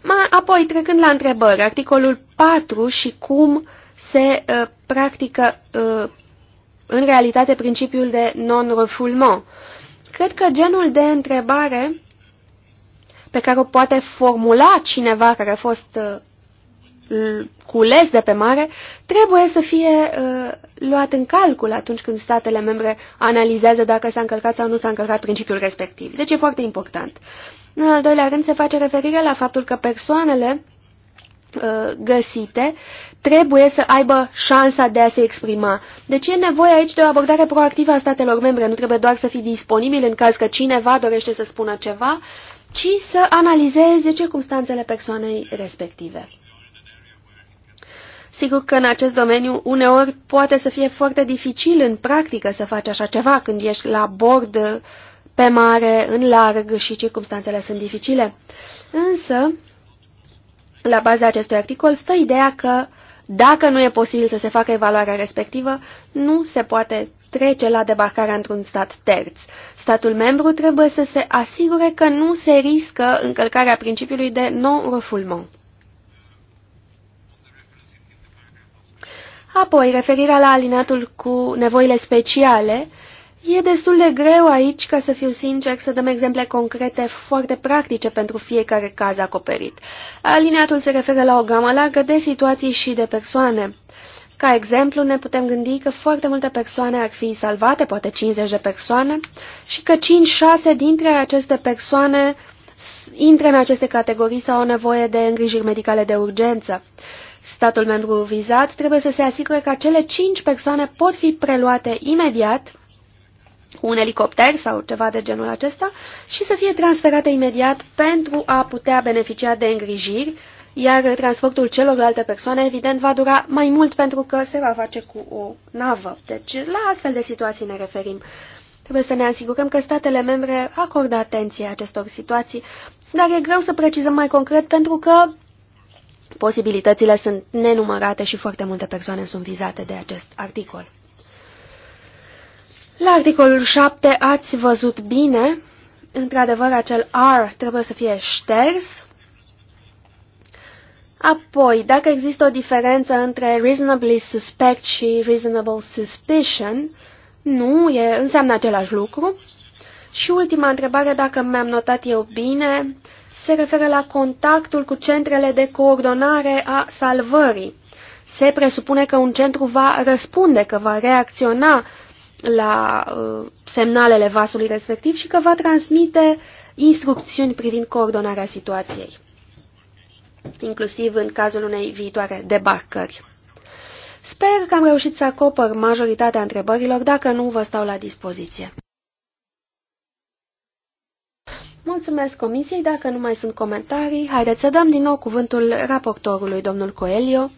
Speaker 1: Ma, apoi, trecând la întrebări, articolul 4 și cum se uh, practică uh, în realitate principiul de non-refoulement. Cred că genul de întrebare pe care o poate formula cineva care a fost uh, Uh, cules de pe mare trebuie să fie uh, luat în calcul atunci când statele membre analizează dacă s-a încălcat sau nu s-a încălcat principiul respectiv. Deci e foarte important. În al doilea rând se face referire la faptul că persoanele uh, găsite trebuie să aibă șansa de a se exprima. Deci e nevoie aici de o abordare proactivă a statelor membre. Nu trebuie doar să fii disponibil în caz că cineva dorește să spună ceva, ci să analizeze circunstanțele persoanei respective. Sigur că în acest domeniu uneori poate să fie foarte dificil în practică să faci așa ceva când ești la bord, pe mare, în larg și circumstanțele sunt dificile. Însă, la baza acestui articol stă ideea că dacă nu e posibil să se facă evaluarea respectivă, nu se poate trece la debarcarea într-un stat terț. Statul membru trebuie să se asigure că nu se riscă încălcarea principiului de non-refoulement. Apoi, referirea la alinatul cu nevoile speciale, e destul de greu aici, ca să fiu sincer, să dăm exemple concrete foarte practice pentru fiecare caz acoperit. Alineatul se referă la o gamă largă de situații și de persoane. Ca exemplu, ne putem gândi că foarte multe persoane ar fi salvate, poate 50 de persoane, și că 5-6 dintre aceste persoane intră în aceste categorii sau au nevoie de îngrijiri medicale de urgență. Statul membru vizat trebuie să se asigure că cele cinci persoane pot fi preluate imediat cu un elicopter sau ceva de genul acesta și să fie transferate imediat pentru a putea beneficia de îngrijiri, iar transportul celorlalte persoane, evident, va dura mai mult pentru că se va face cu o navă. Deci, la astfel de situații ne referim. Trebuie să ne asigurăm că statele membre acordă atenție acestor situații, dar e greu să precizăm mai concret pentru că Posibilitățile sunt nenumărate și foarte multe persoane sunt vizate de acest articol. La articolul 7 ați văzut bine, într-adevăr acel R trebuie să fie șters. Apoi, dacă există o diferență între reasonably suspect și reasonable suspicion, nu, e, înseamnă același lucru. Și ultima întrebare, dacă mi-am notat eu bine, se referă la contactul cu centrele de coordonare a salvării. Se presupune că un centru va răspunde, că va reacționa la uh, semnalele vasului respectiv și că va transmite instrucțiuni privind coordonarea situației, inclusiv în cazul unei viitoare debarcări. Sper că am reușit să acopăr majoritatea întrebărilor, dacă nu vă stau la dispoziție. Mulțumesc comisiei. Dacă nu mai sunt comentarii, haideți să dăm din nou cuvântul raportorului, domnul Coelio,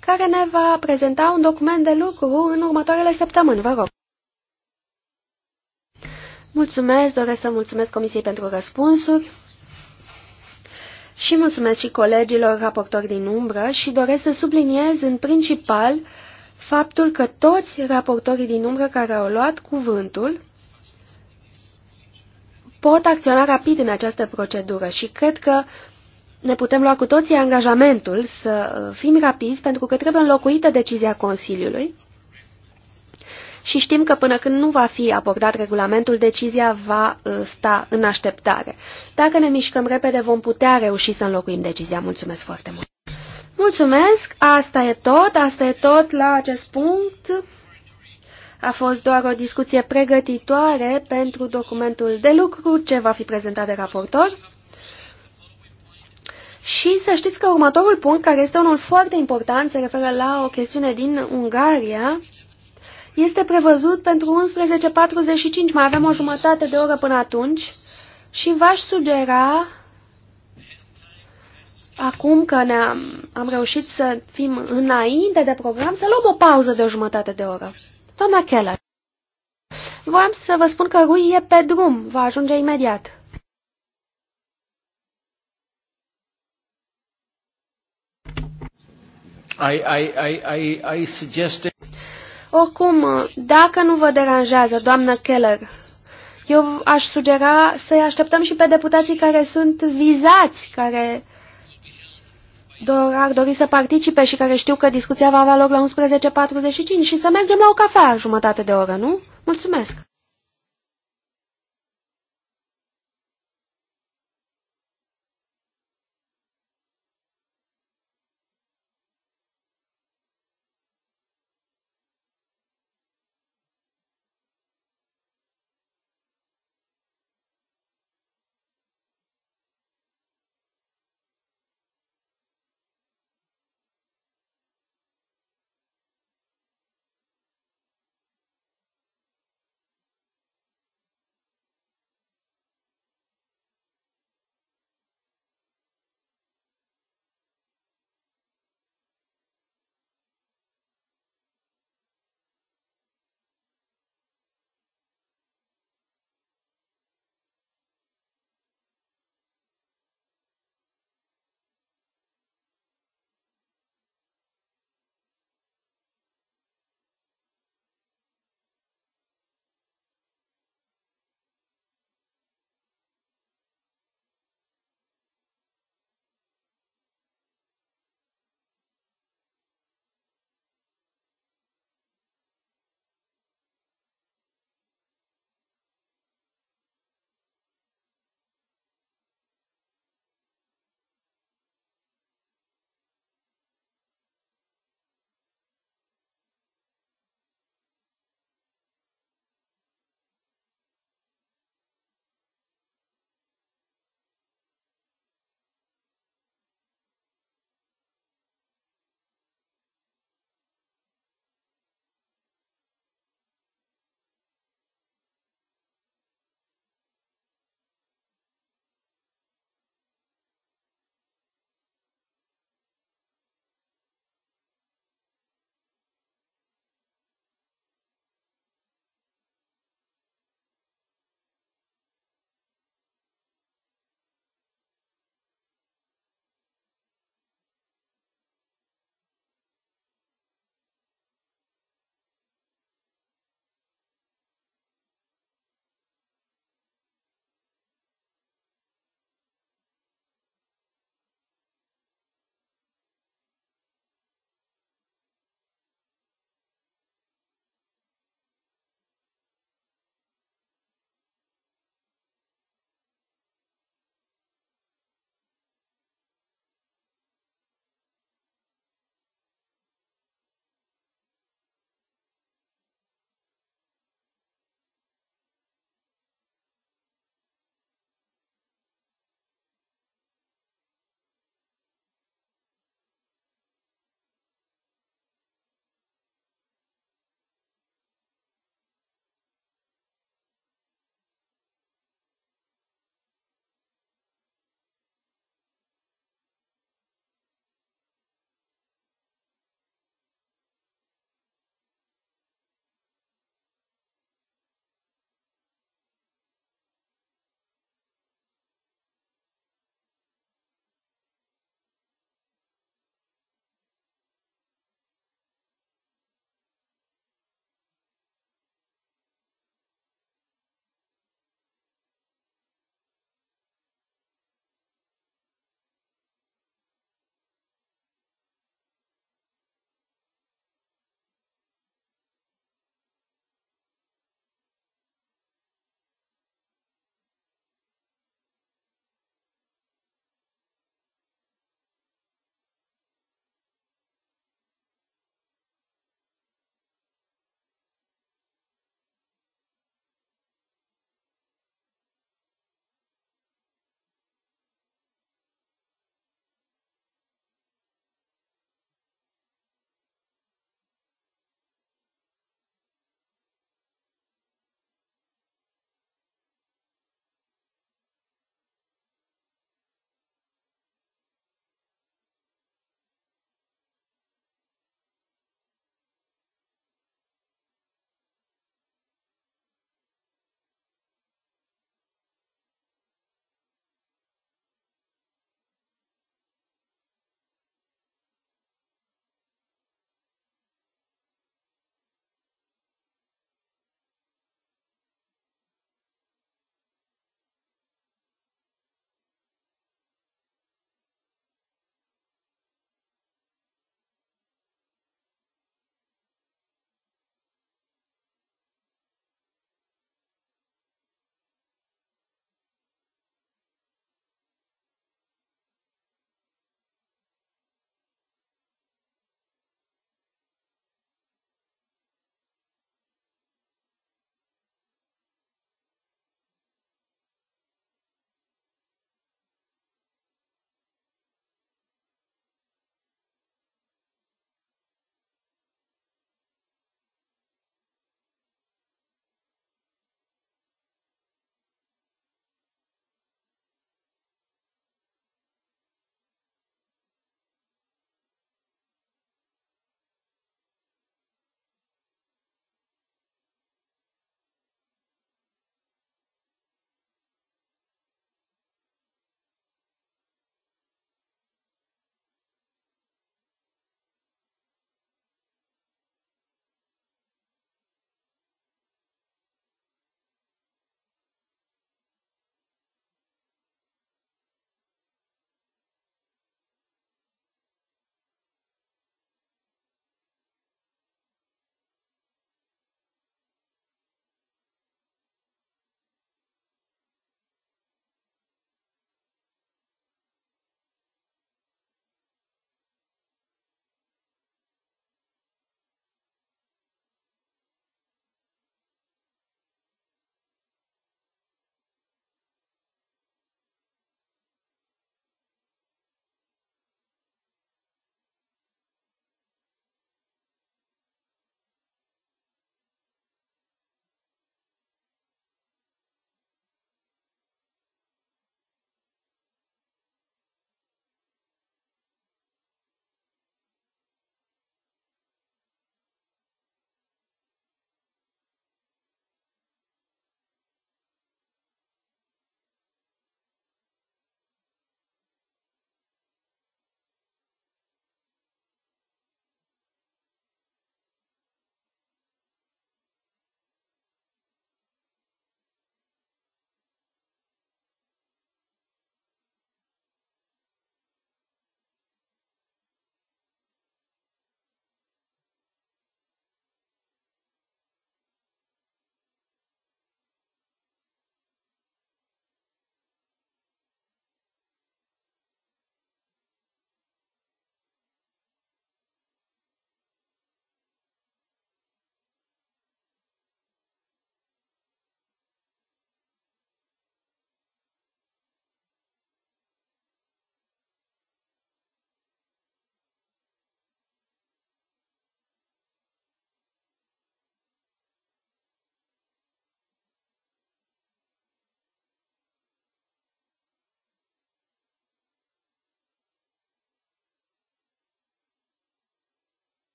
Speaker 1: care ne va prezenta un document de lucru în următoarele săptămâni. Vă rog. Mulțumesc, doresc să mulțumesc comisiei pentru răspunsuri și mulțumesc și colegilor raportori din umbră și doresc să subliniez în principal faptul că toți raportorii din umbră care au luat cuvântul pot acționa rapid în această procedură și cred că ne putem lua cu toții angajamentul să uh, fim rapizi pentru că trebuie înlocuită decizia Consiliului și știm că până când nu va fi abordat regulamentul, decizia va uh, sta în așteptare. Dacă ne mișcăm repede, vom putea reuși să înlocuim decizia. Mulțumesc foarte mult! Mulțumesc! Asta e tot, asta e tot la acest punct. A fost doar o discuție pregătitoare pentru documentul de lucru ce va fi prezentat de raportor. Și să știți că următorul punct, care este unul foarte important, se referă la o chestiune din Ungaria, este prevăzut pentru 11.45, mai avem o jumătate de oră până atunci și v-aș sugera, acum că ne-am am reușit să fim înainte de program, să luăm o pauză de o jumătate de oră. Doamna Keller, voiam să vă spun că Rui e pe drum, va ajunge imediat. I, I, I, I, I suggested... Oricum, dacă nu vă deranjează, doamnă Keller, eu aș sugera să-i așteptăm și pe deputații care sunt vizați, care dor, ar dori să participe și care știu că discuția va avea loc la 11.45 și să mergem la o cafea jumătate de oră, nu? Mulțumesc!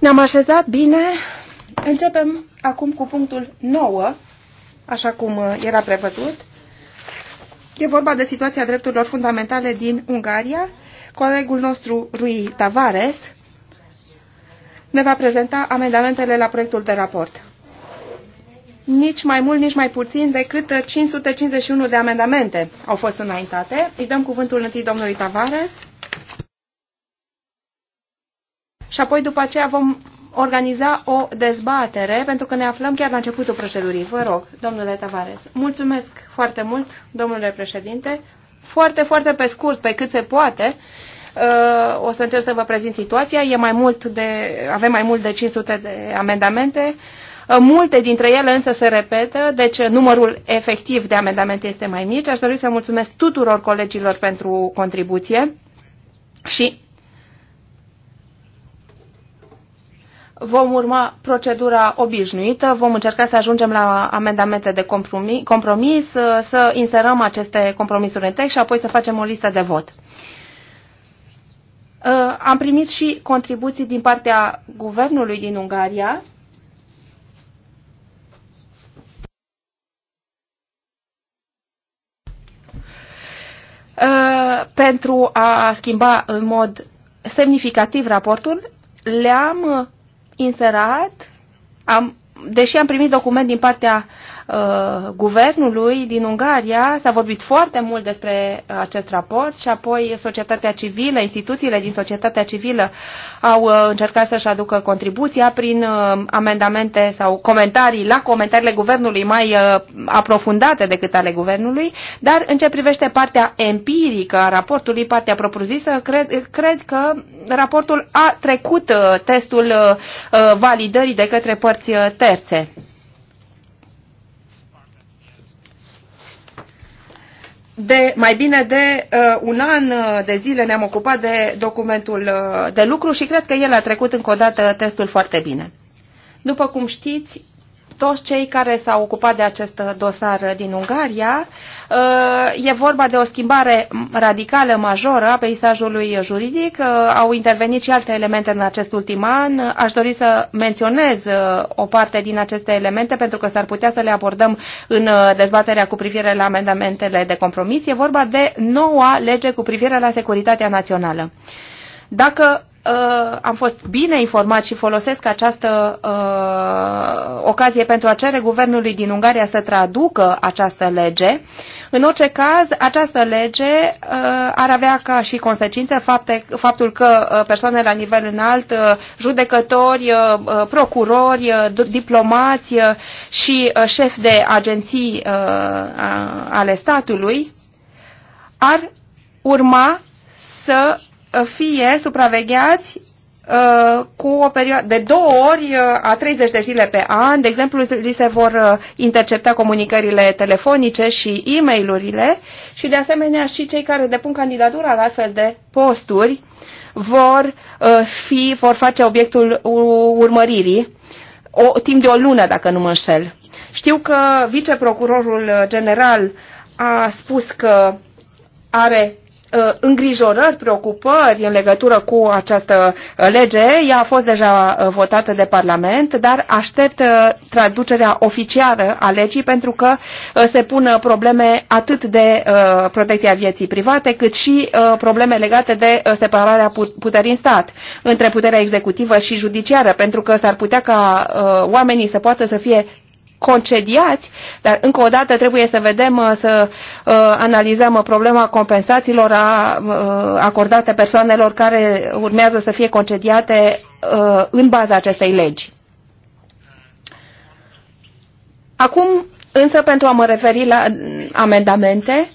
Speaker 2: Ne-am așezat bine. Începem acum cu punctul 9, așa cum uh, era prevăzut. E vorba de situația drepturilor fundamentale din Ungaria. Colegul nostru, Rui Tavares, ne va prezenta amendamentele la proiectul de raport. Nici mai mult, nici mai puțin decât 551 de amendamente au fost înaintate. Îi dăm cuvântul întâi domnului Tavares și apoi după aceea vom organiza o dezbatere, pentru că ne aflăm chiar la începutul procedurii. Vă rog, domnule Tavares. Mulțumesc foarte mult, domnule președinte. Foarte, foarte pe scurt, pe cât se poate, uh, o să încerc să vă prezint situația. E mai mult de, avem mai mult de 500 de amendamente. Uh, multe dintre ele însă se repetă, deci numărul efectiv de amendamente este mai mic. Aș dori să mulțumesc tuturor colegilor pentru contribuție și Vom urma procedura obișnuită, vom încerca să ajungem la amendamente de compromis, compromis să inserăm aceste compromisuri în text și apoi să facem o listă de vot. Uh, am primit și contribuții din partea guvernului din Ungaria. Uh, pentru a schimba în mod semnificativ raportul, le-am inserat, am, deși am primit document din partea uh, guvernului din Ungaria. S-a vorbit foarte mult despre uh, acest raport și apoi societatea civilă, instituțiile din societatea civilă au uh, încercat să-și aducă contribuția prin uh, amendamente sau comentarii la comentariile guvernului mai uh, aprofundate decât ale guvernului, dar în ce privește partea empirică a raportului, partea propriu-zisă, cred, cred că raportul a trecut uh, testul uh, validării de către părți terțe. de mai bine de uh, un an uh, de zile ne-am ocupat de documentul uh, de lucru și cred că el a trecut încă o dată testul foarte bine. După cum știți, toți cei care s-au ocupat de acest dosar din Ungaria. Uh, e vorba de o schimbare radicală, majoră a peisajului juridic. Uh, au intervenit și alte elemente în acest ultim an. Aș dori să menționez uh, o parte din aceste elemente pentru că s-ar putea să le abordăm în dezbaterea cu privire la amendamentele de compromis. E vorba de noua lege cu privire la securitatea națională. Dacă uh, am fost bine informat și folosesc această uh, ocazie pentru a cere guvernului din Ungaria să traducă această lege. În orice caz, această lege uh, ar avea ca și consecință fapte, faptul că uh, persoane la nivel înalt, uh, judecători, uh, uh procurori, uh, diplomați uh, și uh, șefi de agenții uh, ale statului ar urma să fie supravegheați uh, cu o perioadă de două ori uh, a 30 de zile pe an, de exemplu, li se vor uh, intercepta comunicările telefonice și e mail și de asemenea și cei care depun candidatura la astfel de posturi vor fi, vor face obiectul urmăririi o, timp de o lună, dacă nu mă înșel. Știu că viceprocurorul general a spus că are Uh, îngrijorări, preocupări în legătură cu această uh, lege. Ea a fost deja uh, votată de Parlament, dar aștept traducerea oficială a legii pentru că se pun probleme atât de protecția vieții private, cât și probleme legate de separarea puterii în stat între puterea executivă și judiciară, pentru că s-ar putea ca oamenii să poată să fie concediați, dar încă o dată trebuie să vedem, uh, să uh, analizăm problema compensațiilor uh, acordate persoanelor care urmează să fie concediate în baza acestei legi. Acum, însă, pentru a mă referi la amendamente,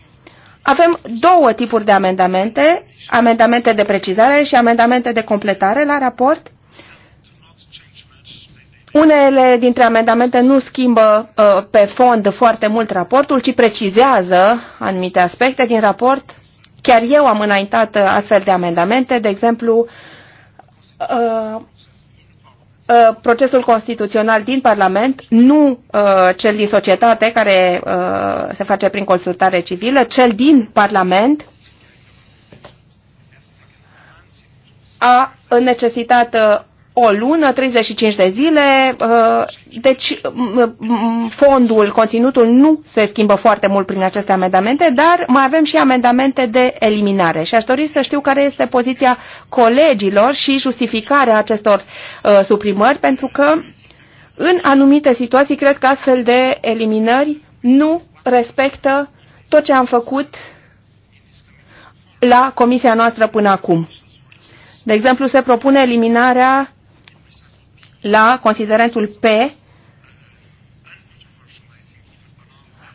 Speaker 2: avem două tipuri de amendamente, amendamente de precizare și amendamente de completare la raport unele dintre amendamente nu schimbă uh, pe fond foarte mult raportul, ci precizează anumite aspecte din raport. Chiar eu am înaintat uh, astfel de amendamente, de exemplu, uh, uh, procesul constituțional din Parlament, nu uh, cel din societate care uh, se face prin consultare civilă, cel din Parlament a necesitat uh, o lună, 35 de zile, uh, deci fondul, conținutul nu se schimbă foarte mult prin aceste amendamente, dar mai avem și amendamente de eliminare și aș dori să știu care este poziția colegilor și justificarea acestor uh, suprimări, pentru că în anumite situații cred că astfel de eliminări nu respectă tot ce am făcut la comisia noastră până acum. De exemplu, se propune eliminarea la considerentul P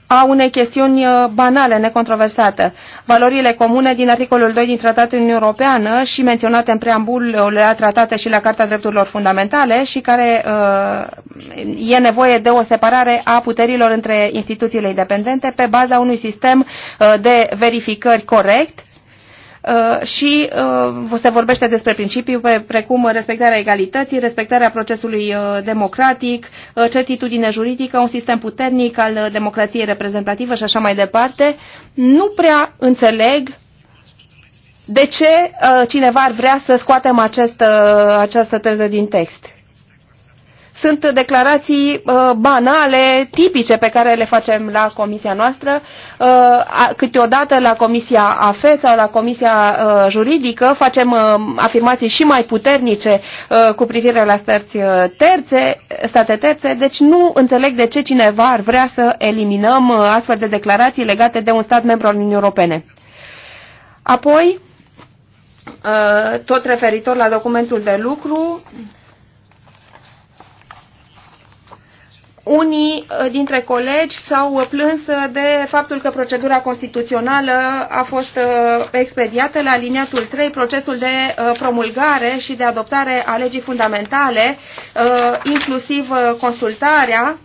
Speaker 2: a unei chestiuni uh, banale, necontroversate. Valorile comune din articolul 2 din Tratatul Uniunii Europeană și menționate în preambul la tratate și la Carta Drepturilor Fundamentale și care uh, e nevoie de o separare a puterilor între instituțiile independente pe baza unui sistem uh, de verificări corect uh, Uh, și uh, se vorbește despre principii precum respectarea egalității, respectarea procesului uh, democratic, certitudine juridică, un sistem puternic al democrației reprezentative și așa mai departe. Nu prea înțeleg de ce cineva ar vrea să scoatem acest, această teză din text sunt declarații uh, banale, tipice, pe care le facem la comisia noastră. Uh, câteodată la comisia AFET sau la comisia uh, juridică facem afirmații și mai puternice cu privire la stărți terțe, state terțe, deci nu înțeleg de ce cineva ar vrea să eliminăm astfel de declarații legate de un stat membru al Uniunii Europene. Apoi, tot referitor la documentul de lucru, Unii uh, dintre colegi s-au plâns de faptul că procedura constituțională a fost uh, expediată la aliniatul 3, procesul de uh, promulgare și de adoptare a legii fundamentale, inclusiv consultarea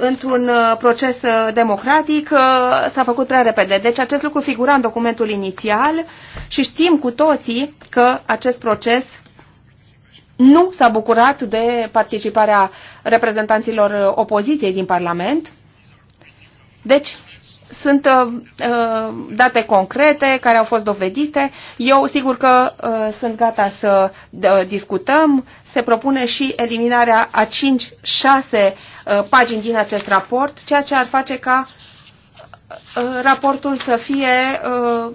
Speaker 2: într-un proces democratic s-a făcut prea repede. Deci acest lucru figura în documentul inițial și știm cu toții că acest proces nu s-a bucurat de participarea reprezentanților uh, opoziției din Parlament. Deci, sunt uh, uh, date concrete care au fost dovedite. Eu sigur că uh, sunt gata să uh, discutăm. Se propune și eliminarea a 5-6 uh, pagini din acest raport, ceea ce ar face ca Uh, raportul să fie uh,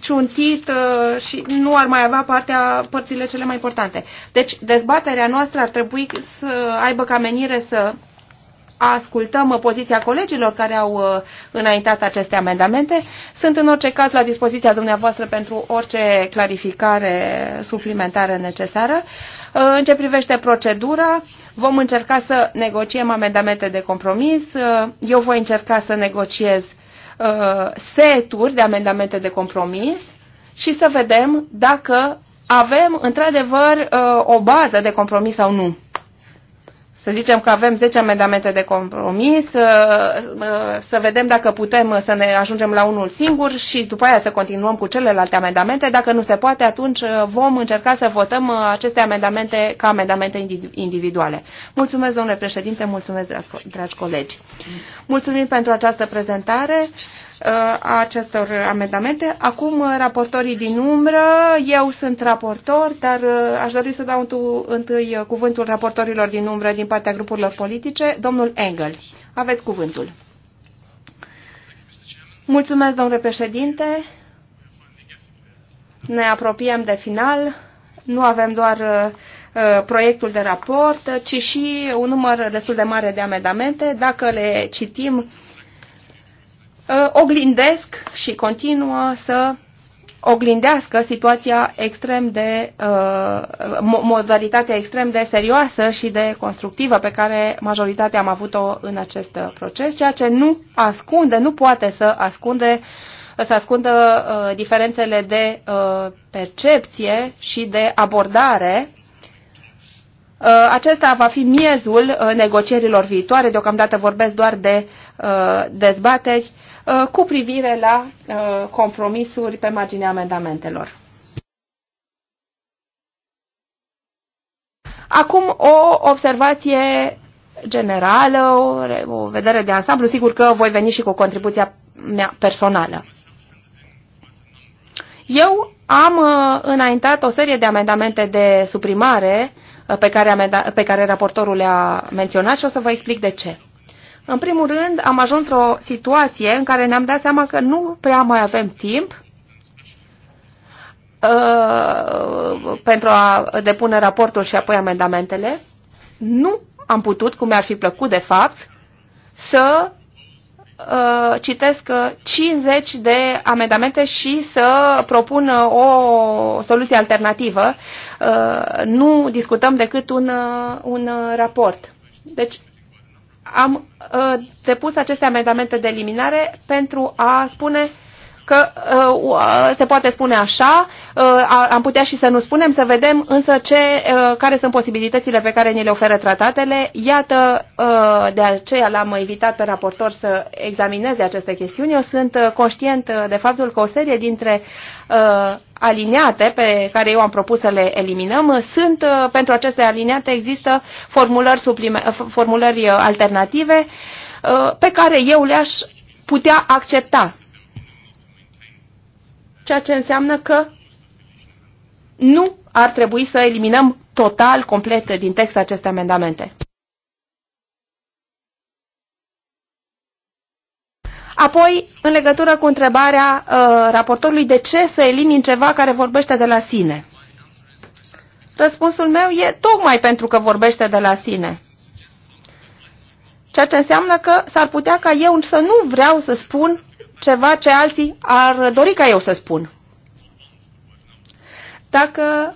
Speaker 2: ciuntit uh, și nu ar mai avea partea, părțile cele mai importante. Deci dezbaterea noastră ar trebui să aibă ca menire să ascultăm poziția colegilor care au uh, înaintat aceste amendamente. Sunt în orice caz la dispoziția dumneavoastră pentru orice clarificare suplimentară necesară. Uh, în ce privește procedura, vom încerca să negociem amendamente de compromis. Uh, eu voi încerca să negociez seturi de amendamente de compromis și să vedem dacă avem într-adevăr o bază de compromis sau nu să zicem că avem 10 amendamente de compromis, să vedem dacă putem să ne ajungem la unul singur și după aia să continuăm cu celelalte amendamente. Dacă nu se poate, atunci vom încerca să votăm aceste amendamente ca amendamente individuale. Mulțumesc, domnule președinte, mulțumesc, dragi colegi. Mulțumim pentru această prezentare a acestor amendamente. Acum, uh, raportorii din umbră, eu sunt raportor, dar uh, aș dori să dau întâi uh, cuvântul raportorilor din umbră din partea grupurilor politice. Domnul Engel, aveți cuvântul. Mulțumesc, domnule președinte. Ne apropiem de final. Nu avem doar proiectul de raport, ci și un număr destul de mare de amendamente. Dacă le citim, Uh, oglindesc și continuă să oglindească situația extrem de uh, modalitatea extrem de serioasă și de constructivă pe care majoritatea am avut-o în acest proces, ceea ce nu ascunde, nu poate să ascunde să ascundă uh, diferențele de uh, percepție și de abordare. Uh, acesta va fi miezul uh, negocierilor viitoare. Deocamdată vorbesc doar de uh, dezbateri Uh, cu privire la uh, compromisuri pe marginea amendamentelor. Acum o observație generală, o, vedere de ansamblu. Sigur că voi veni și cu contribuția mea personală. Eu am uh, înaintat o serie de amendamente de suprimare pe care, pe care raportorul le-a menționat și o să vă explic de ce. În primul rând, am ajuns într-o situație în care ne-am dat seama că nu prea mai avem timp uh, pentru a depune raportul și apoi amendamentele. Nu am putut, cum mi-ar fi plăcut de fapt, să uh, citesc 50 de amendamente și să propun o soluție alternativă. Uh, nu discutăm decât un, uh, un uh, raport. Deci am uh, depus aceste amendamente de eliminare pentru a spune că uh, se poate spune așa, uh, am putea și să nu spunem, să vedem însă ce, uh, care sunt posibilitățile pe care ni le oferă tratatele. Iată, uh, de aceea l-am invitat pe raportor să examineze aceste chestiuni. Eu sunt uh, conștient uh, de faptul că o serie dintre uh, aliniate pe care eu am propus să le eliminăm sunt, uh, pentru aceste aliniate există formulări, uh, formulări alternative uh, pe care eu le-aș putea accepta ceea ce înseamnă că nu ar trebui să eliminăm total, complet din text aceste amendamente. Apoi, în legătură cu întrebarea uh, raportorului de ce să elimin ceva care vorbește de la sine. Răspunsul meu e tocmai pentru că vorbește de la sine. Ceea ce înseamnă că s-ar putea ca eu să nu vreau să spun ceva ce alții ar dori ca eu să spun. Dacă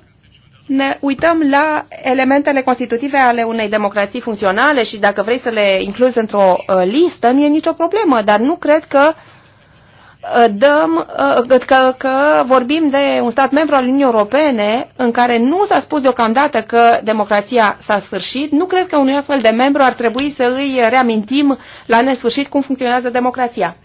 Speaker 2: ne uităm la elementele constitutive ale unei democrații funcționale și dacă vrei să le incluzi într-o uh, listă, nu e nicio problemă, dar nu cred că uh, dăm, uh, că, că vorbim de un stat membru al Uniunii Europene în care nu s-a spus deocamdată că democrația s-a sfârșit, nu cred că unui astfel de membru ar trebui să îi reamintim la nesfârșit cum funcționează democrația.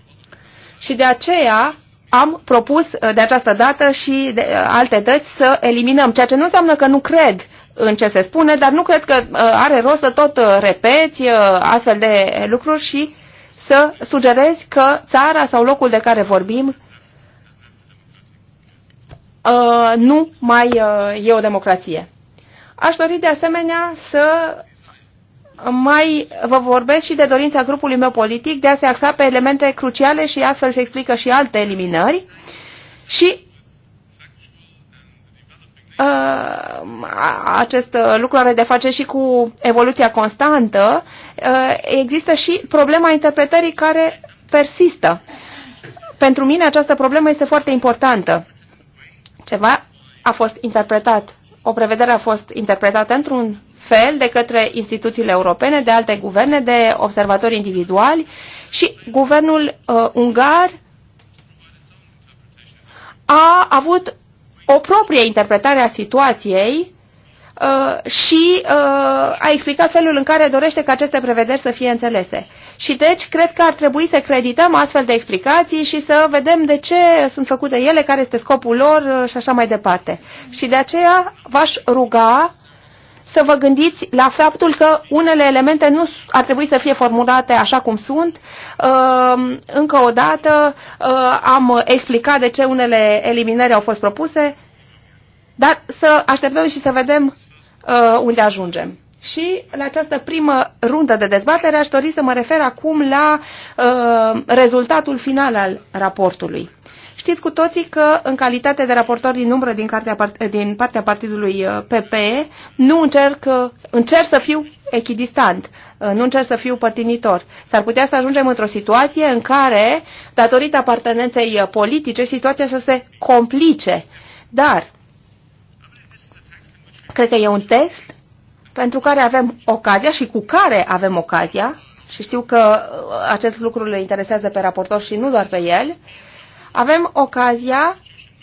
Speaker 2: Și de aceea am propus uh, de această dată și de uh, alte dăți să eliminăm, ceea ce nu înseamnă că nu cred în ce se spune, dar nu cred că uh, are rost să tot repeți astfel de lucruri și să sugerezi că țara sau locul de care vorbim nu mai e o democrație. Aș dori de asemenea să mai vă vorbesc și de dorința grupului meu politic de a se axa pe elemente cruciale și astfel se explică și alte eliminări. Și uh, acest lucru are de face și cu evoluția constantă, uh, există și problema interpretării care persistă. Pentru mine această problemă este foarte importantă. Ceva a fost interpretat, o prevedere a fost interpretată într-un fel de către instituțiile europene, de alte guverne, de observatori individuali și guvernul uh, ungar a avut o proprie interpretare a situației uh, și uh, a explicat felul în care dorește ca aceste prevederi să fie înțelese. Și deci cred că ar trebui să credităm astfel de explicații și să vedem de ce sunt făcute ele, care este scopul lor uh, și așa mai departe. Și de aceea v-aș ruga să vă gândiți la faptul că unele elemente nu ar trebui să fie formulate așa cum sunt. Ehm, încă o dată eh, am explicat de ce unele eliminări au fost propuse, dar să așteptăm și să vedem eh, unde ajungem. Și la această primă rundă de dezbatere aș dori să mă refer acum la eh, rezultatul final al raportului. Știți cu toții că, în calitate de raportor din umbră din, cartea, din partea partidului PP uh, nu încerc, uh, încerc să fiu echidistant, uh, nu încerc să fiu părtinitor. S-ar putea să ajungem într-o situație în care, datorită apartenenței politice, situația să se complice. Dar, cred că e un text pentru care avem ocazia și cu care avem ocazia, și știu că acest lucru le interesează pe raportor și nu doar pe el, uh, avem ocazia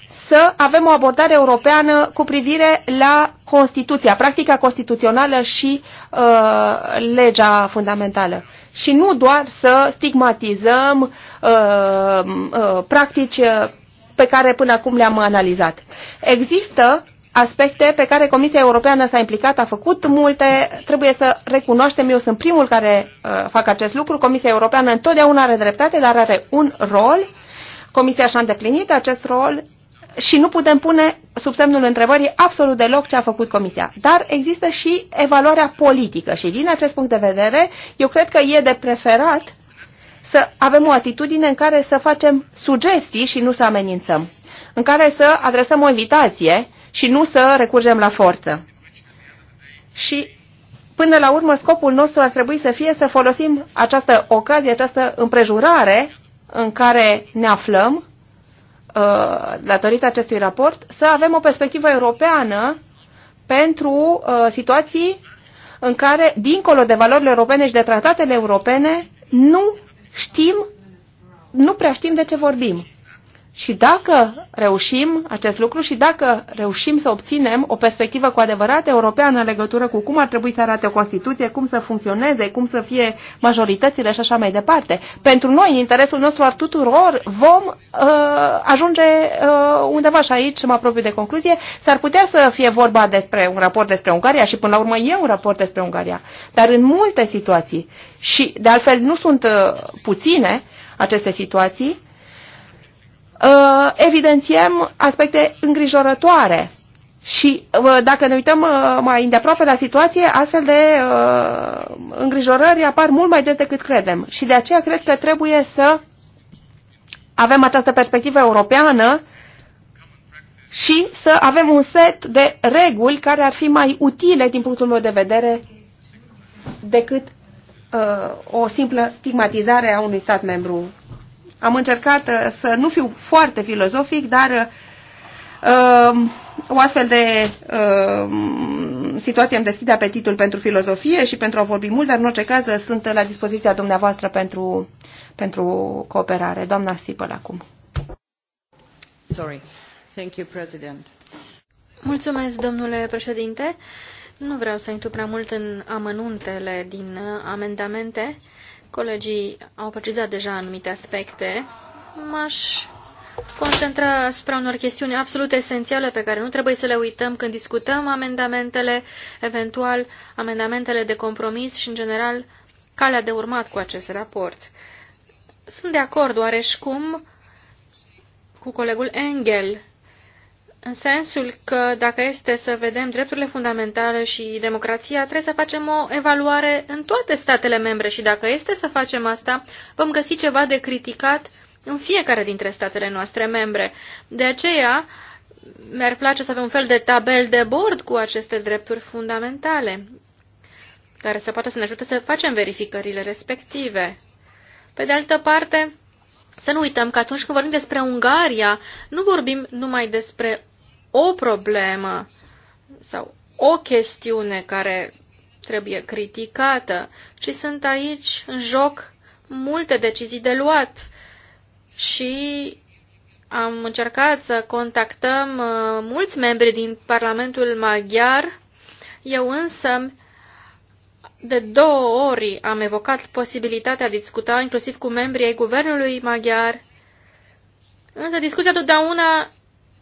Speaker 2: să avem o abordare europeană cu privire la Constituția, practica constituțională și uh, legea fundamentală. Și nu doar să stigmatizăm uh, uh, practici uh, pe care până acum le-am analizat. Există aspecte pe care Comisia Europeană s-a implicat, a făcut multe, trebuie să recunoaștem, eu sunt primul care uh, fac acest lucru, Comisia Europeană întotdeauna are dreptate, dar are un rol Comisia și-a îndeplinit acest rol și nu putem pune sub semnul întrebării absolut deloc ce a făcut Comisia. Dar există și evaluarea politică și din acest punct de vedere, eu cred că e de preferat să avem o atitudine în care să facem sugestii și nu să amenințăm, în care să adresăm o invitație și nu să recurgem la forță. Și Până la urmă, scopul nostru ar trebui să fie să folosim această ocazie, această împrejurare în care ne aflăm, uh, datorită acestui raport, să avem o perspectivă europeană pentru uh, situații în care, dincolo de valorile europene și de tratatele europene, nu știm, nu prea știm de ce vorbim. Și dacă reușim acest lucru și dacă reușim să obținem o perspectivă cu adevărat europeană în legătură cu cum ar trebui să arate o Constituție, cum să funcționeze, cum să fie majoritățile și așa mai departe, pentru noi, interesul nostru al tuturor, vom uh, ajunge uh, undeva și aici, mă apropiu de concluzie, s-ar putea să fie vorba despre un raport despre Ungaria și până la urmă e un raport despre Ungaria, dar în multe situații, și de altfel nu sunt uh, puține aceste situații, uh, evidențiem aspecte îngrijorătoare și uh, dacă ne uităm uh, mai îndeaproape la situație, astfel de uh, îngrijorări apar mult mai des decât credem. Și de aceea cred că trebuie să avem această perspectivă europeană și să avem un set de reguli care ar fi mai utile din punctul meu de vedere decât uh, o simplă stigmatizare a unui stat membru am încercat uh, să nu fiu foarte filozofic, dar uh, o astfel de uh, situație îmi deschide apetitul pentru filozofie și pentru a vorbi mult, dar în orice caz sunt la dispoziția dumneavoastră pentru, pentru cooperare. Doamna Sipăl acum.
Speaker 3: Sorry. Thank you, President. Mulțumesc, domnule președinte. Nu vreau să intru prea mult în amănuntele din amendamente. Colegii au precizat deja anumite aspecte. M-aș concentra asupra unor chestiuni absolut esențiale pe care nu trebuie să le uităm când discutăm amendamentele, eventual amendamentele de compromis și, în general, calea de urmat cu acest raport. Sunt de acord oareși cum cu colegul Engel în sensul că dacă este să vedem drepturile fundamentale și democrația, trebuie să facem o evaluare în toate statele membre și dacă este să facem asta, vom găsi ceva de criticat în fiecare dintre statele noastre membre. De aceea, mi-ar place să avem un fel de tabel de bord cu aceste drepturi fundamentale, care să poată să ne ajute să facem verificările respective. Pe de altă parte, să nu uităm că atunci când vorbim despre Ungaria, nu vorbim numai despre o problemă sau o chestiune care trebuie criticată, ci sunt aici în joc multe decizii de luat și am încercat să contactăm uh, mulți membri din Parlamentul Maghiar. Eu însă de două ori am evocat posibilitatea de a discuta inclusiv cu membrii ai guvernului maghiar, însă discuția totdeauna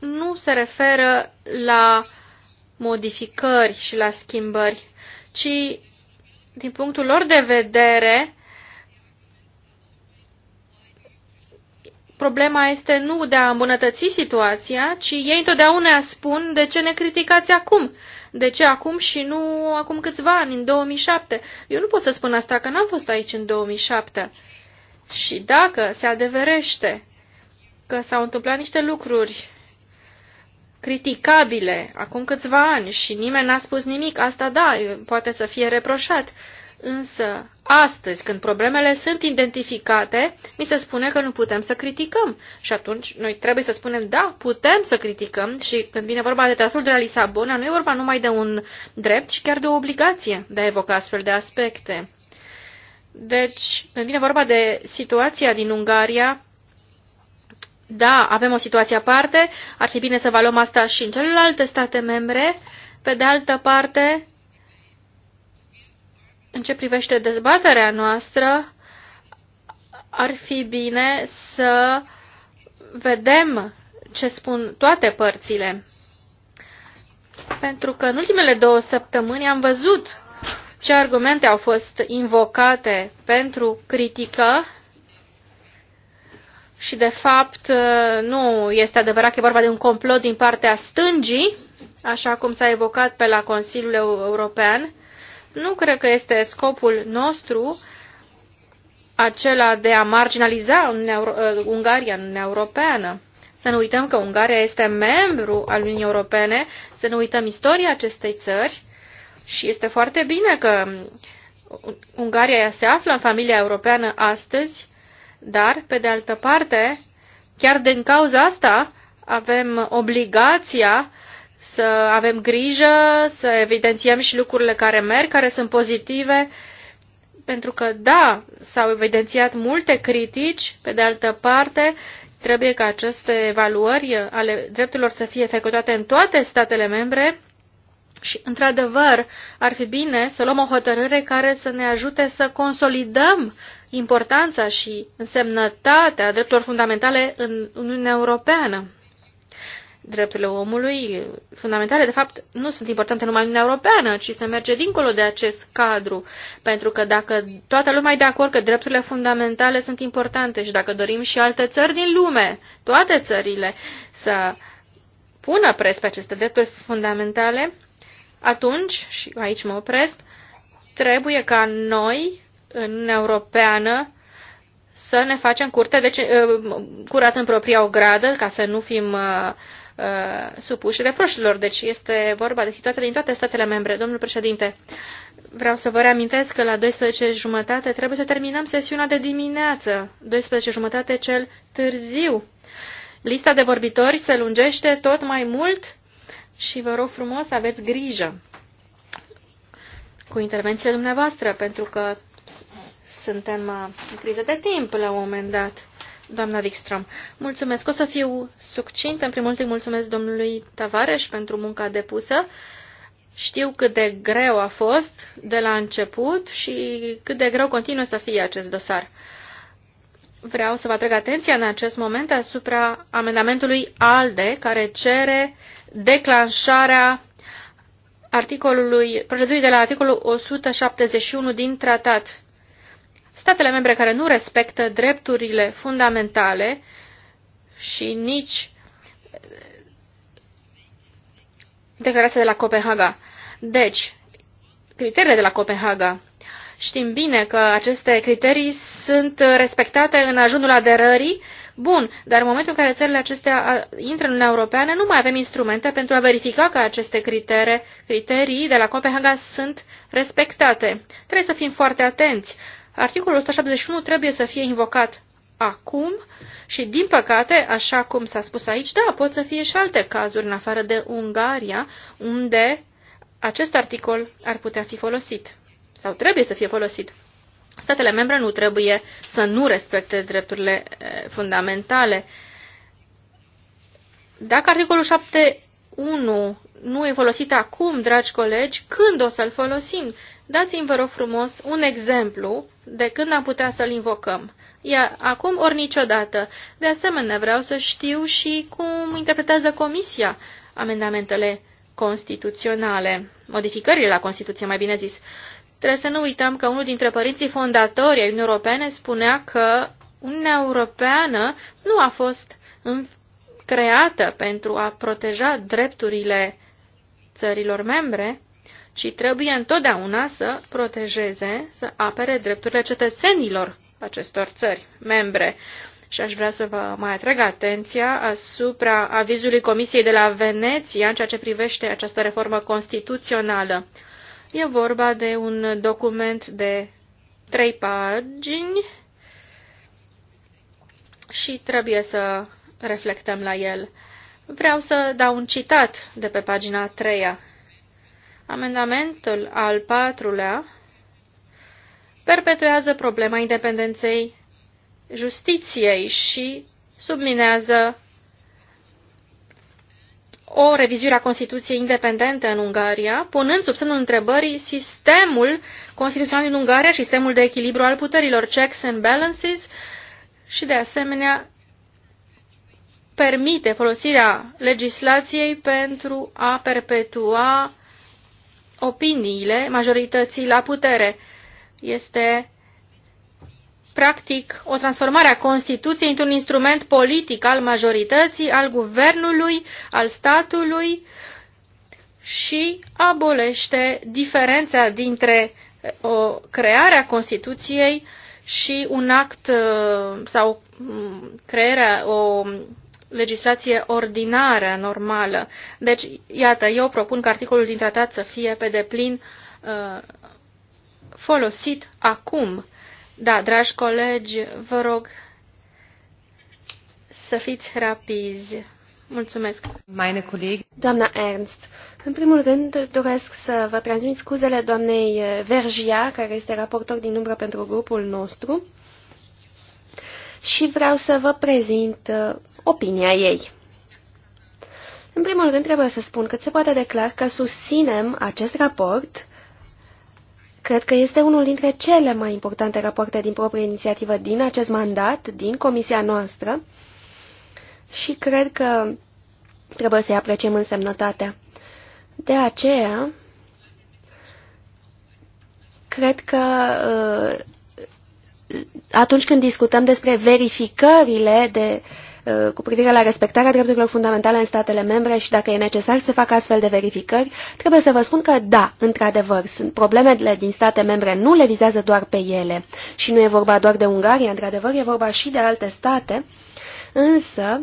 Speaker 3: nu se referă la modificări și la schimbări, ci, din punctul lor de vedere, problema este nu de a îmbunătăți situația, ci ei întotdeauna spun de ce ne criticați acum. De ce acum și nu acum câțiva ani, în 2007? Eu nu pot să spun asta, că n-am fost aici în 2007. Și dacă se adeverește că s-au întâmplat niște lucruri criticabile acum câțiva ani și nimeni n-a spus nimic, asta da, poate să fie reproșat. Însă, astăzi, când problemele sunt identificate, mi se spune că nu putem să criticăm. Și atunci, noi trebuie să spunem, da, putem să criticăm și când vine vorba de tratatul de la Lisabona, nu e vorba numai de un drept, ci chiar de o obligație de a evoca astfel de aspecte. Deci, când vine vorba de situația din Ungaria, da, avem o situație aparte, ar fi bine să evaluăm asta și în celelalte state membre. Pe de altă parte, în ce privește dezbaterea noastră, ar fi bine să vedem ce spun toate părțile. Pentru că în ultimele două săptămâni am văzut ce argumente au fost invocate pentru critică și de fapt uh, nu este adevărat că e vorba de un complot din partea stângii, așa cum s-a evocat pe la Consiliul European. Nu cred că este scopul nostru acela de a marginaliza uh, Ungaria în Uniunea Europeană. Să nu uităm că Ungaria este membru al Uniunii Europene, să nu uităm istoria acestei țări și este foarte bine că Ungaria se află în familia europeană astăzi, dar, pe de altă parte, chiar din cauza asta avem obligația să avem grijă, să evidențiem și lucrurile care merg, care sunt pozitive, pentru că, da, s-au evidențiat multe critici, pe de altă parte, trebuie ca aceste evaluări ale drepturilor să fie efectuate în toate statele membre și, într-adevăr, ar fi bine să luăm o hotărâre care să ne ajute să consolidăm importanța și însemnătatea drepturilor fundamentale în Uniunea Europeană. Drepturile omului fundamentale, de fapt, nu sunt importante numai în Uniunea Europeană, ci se merge dincolo de acest cadru, pentru că dacă toată lumea e de acord că drepturile fundamentale sunt importante și dacă dorim și alte țări din lume, toate țările, să pună preț pe aceste drepturi fundamentale, atunci, și aici mă opresc, trebuie ca noi în Europeană să ne facem curte, deci uh, curat în propria ogradă, ca să nu fim uh, uh, supuși reproșilor. Deci este vorba de situația din toate statele membre. Domnul președinte, vreau să vă reamintesc că la 12 jumătate trebuie să terminăm sesiunea de dimineață, 12 jumătate cel târziu. Lista de vorbitori se lungește tot mai mult și vă rog frumos aveți grijă cu intervențiile dumneavoastră, pentru că suntem uh, în criză de timp la un moment dat, doamna Wikström. Mulțumesc. O să fiu succint. În primul rând mulțumesc domnului Tavares pentru munca depusă. Știu cât de greu a fost de la început și cât de greu continuă să fie acest dosar. Vreau să vă atrag atenția în acest moment asupra amendamentului ALDE, care cere declanșarea articolului, procedurii de la articolul 171 din tratat statele membre care nu respectă drepturile fundamentale și nici eh, declarația de la Copenhaga. Deci, criteriile de la Copenhaga. Știm bine că aceste criterii sunt respectate în ajunul aderării. Bun, dar în momentul în care țările acestea intră în Uniunea Europeană, nu mai avem instrumente pentru a verifica că aceste criterii, criterii de la Copenhaga sunt respectate. Trebuie să fim foarte atenți Articolul 171 trebuie să fie invocat acum și, din păcate, așa cum s-a spus aici, da, pot să fie și alte cazuri în afară de Ungaria, unde acest articol ar putea fi folosit sau trebuie să fie folosit. Statele membre nu trebuie să nu respecte drepturile fundamentale. Dacă articolul 7.1 nu e folosit acum, dragi colegi, când o să-l folosim? Dați-mi, vă rog frumos, un exemplu de când am putea să-l invocăm. Ia acum ori niciodată. De asemenea, vreau să știu și cum interpretează Comisia amendamentele constituționale, modificările la Constituție, mai bine zis. Trebuie să nu uităm că unul dintre părinții fondatori ai Uniunii Europene spunea că Uniunea Europeană nu a fost creată pentru a proteja drepturile țărilor membre, ci trebuie întotdeauna să protejeze, să apere drepturile cetățenilor acestor țări membre. Și aș vrea să vă mai atrag atenția asupra avizului Comisiei de la Veneția în ceea ce privește această reformă constituțională. E vorba de un document de trei pagini și trebuie să reflectăm la el. Vreau să dau un citat de pe pagina 3 Amendamentul al patrulea perpetuează problema independenței justiției și subminează o revizuire a Constituției independente în Ungaria, punând sub semnul întrebării sistemul constituțional din Ungaria și sistemul de echilibru al puterilor, checks and balances, și de asemenea permite folosirea legislației pentru a perpetua opiniile majorității la putere. Este practic o transformare a Constituției într-un instrument politic al majorității, al guvernului, al statului și abolește diferența dintre o creare Constituției și un act uh, sau mm, crearea, o legislație ordinară, normală. Deci, iată, eu propun că articolul din tratat să fie pe deplin uh, folosit acum. Da, dragi colegi, vă rog să fiți rapizi. Mulțumesc. Meine Coleg, Doamna Ernst,
Speaker 1: în primul rând doresc să vă transmit scuzele doamnei Vergia, care este raportor din umbră pentru grupul nostru și vreau să vă prezint uh, opinia ei. În primul rând, trebuie să spun cât se poate de clar că susținem acest raport. Cred că este unul dintre cele mai importante rapoarte din proprie inițiativă din acest mandat, din comisia noastră, și cred că trebuie să-i apreciem însemnătatea. De aceea, cred că uh, atunci când discutăm despre verificările de, uh, cu privire la respectarea drepturilor fundamentale în statele membre și dacă e necesar să facă astfel de verificări, trebuie să vă spun că da, într-adevăr, sunt problemele din state membre, nu le vizează doar pe ele și nu e vorba doar de Ungaria, într-adevăr e vorba și de alte state, însă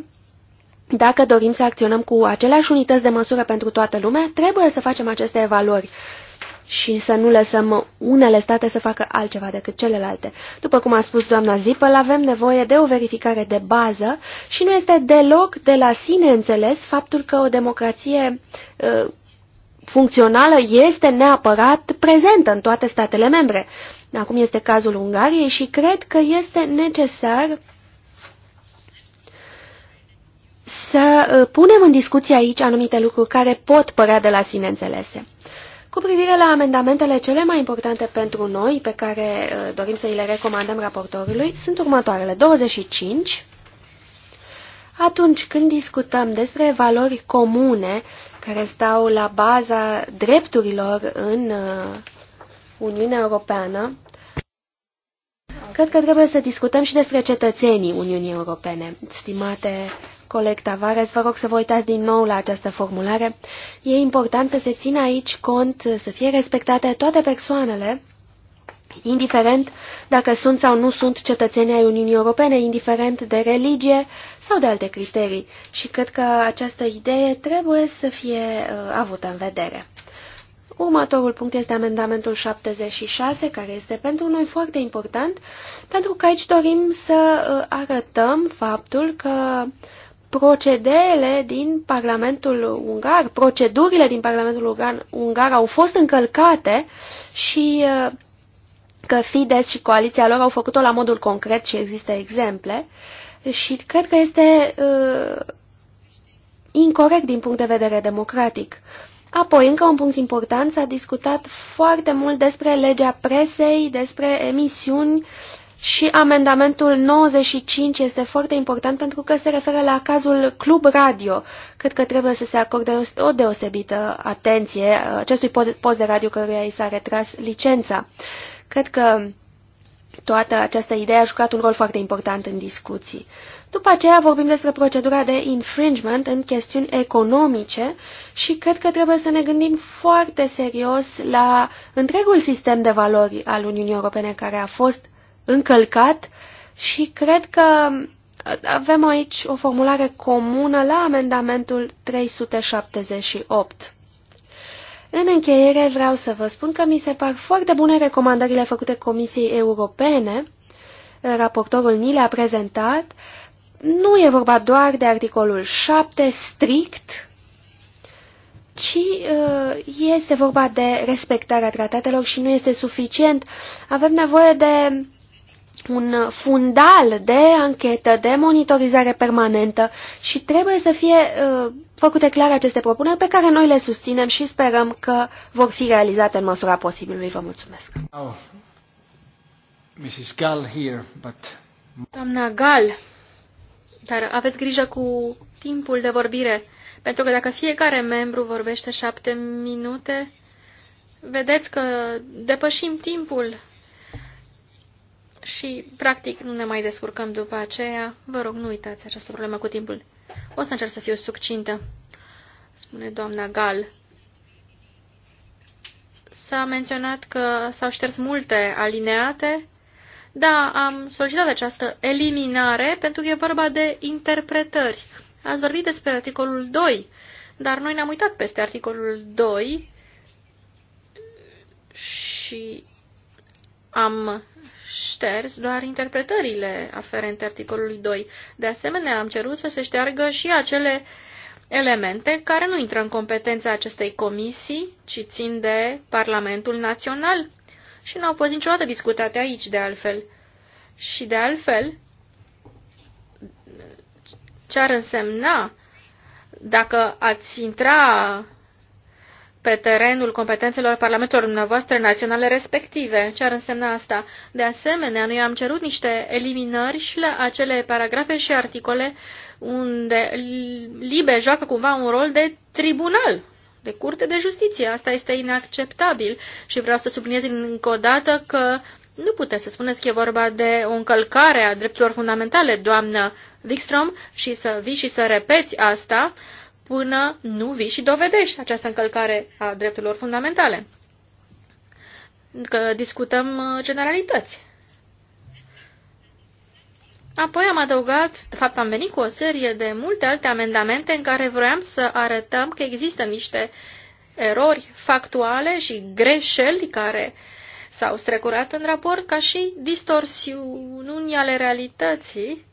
Speaker 1: dacă dorim să acționăm cu aceleași unități de măsură pentru toată lumea, trebuie să facem aceste evaluări și să nu lăsăm unele state să facă altceva decât celelalte. După cum a spus doamna Zipăl, avem nevoie de o verificare de bază și nu este deloc de la sine înțeles faptul că o democrație uh, funcțională este neapărat prezentă în toate statele membre. Acum este cazul Ungariei și cred că este necesar să uh, punem în discuție aici anumite lucruri care pot părea de la sine înțelese. Cu privire la amendamentele cele mai importante pentru noi, pe care uh, dorim să îi le recomandăm raportorului, sunt următoarele 25. Atunci când discutăm despre valori comune care stau la baza drepturilor în uh, Uniunea Europeană, cred că trebuie să discutăm și despre cetățenii Uniunii Europene. Stimate Coleg Tavares, vă rog să vă uitați din nou la această formulare. E important să se țină aici cont, să fie respectate toate persoanele, indiferent dacă sunt sau nu sunt cetățenii ai Uniunii Europene, indiferent de religie sau de alte criterii. Și cred că această idee trebuie să fie uh, avută în vedere. Următorul punct este amendamentul 76, care este pentru noi foarte important, pentru că aici dorim să uh, arătăm faptul că procedeele din Parlamentul Ungar, procedurile din Parlamentul Ungar, Ungar au fost încălcate și uh, că Fides și coaliția lor au făcut-o la modul concret și există exemple și cred că este uh, incorrect din punct de vedere democratic. Apoi, încă un punct important, s-a discutat foarte mult despre legea presei, despre emisiuni și amendamentul 95 este foarte important pentru că se referă la cazul Club Radio. Cred că trebuie să se acorde o deosebită atenție acestui post de radio căruia i s-a retras licența. Cred că toată această idee a jucat un rol foarte important în discuții. După aceea vorbim despre procedura de infringement în chestiuni economice și cred că trebuie să ne gândim foarte serios la întregul sistem de valori al Uniunii Europene care a fost încălcat și cred că avem aici o formulare comună la amendamentul 378. În încheiere vreau să vă spun că mi se par foarte bune recomandările făcute Comisiei Europene, raportorul ni le-a prezentat, nu e vorba doar de articolul 7 strict, ci uh, este vorba de respectarea tratatelor și nu este suficient. Avem nevoie de un fundal de anchetă, de monitorizare permanentă și trebuie să fie uh, făcute clare aceste propuneri pe care noi le susținem și sperăm că vor fi realizate în măsura posibilului. Vă mulțumesc. Oh. Mrs. Gall here, but...
Speaker 3: Doamna Gall, dar aveți grijă cu timpul de vorbire, pentru că dacă fiecare membru vorbește șapte minute, vedeți că depășim timpul și, practic, nu ne mai descurcăm după aceea. Vă rog, nu uitați această problemă cu timpul. O să încerc să fiu succintă, spune doamna Gal. S-a menționat că s-au șters multe alineate. Da, am solicitat această eliminare pentru că e vorba de interpretări. Ați vorbit despre articolul 2, dar noi ne-am uitat peste articolul 2 și am șters doar interpretările aferente articolului 2. De asemenea, am cerut să se șteargă și acele elemente care nu intră în competența acestei comisii, ci țin de Parlamentul Național și n-au fost niciodată discutate aici, de altfel. Și de altfel, ce ar însemna dacă ați intra pe terenul competențelor parlamentelor dumneavoastră naționale respective. Ce ar însemna asta? De asemenea, noi am cerut niște eliminări și la acele paragrafe și articole unde Libe joacă cumva un rol de tribunal, de curte de justiție. Asta este inacceptabil și vreau să subliniez încă o dată că nu puteți să spuneți că e vorba de o încălcare a drepturilor fundamentale, doamnă Wikström, și să vii și să repeți asta până nu vii și dovedești această încălcare a drepturilor fundamentale. Că discutăm uh, generalități. Apoi am adăugat, de fapt am venit cu o serie de multe alte amendamente în care vroiam să arătăm că există niște erori factuale și greșeli care s-au strecurat în raport ca și distorsiuni ale realității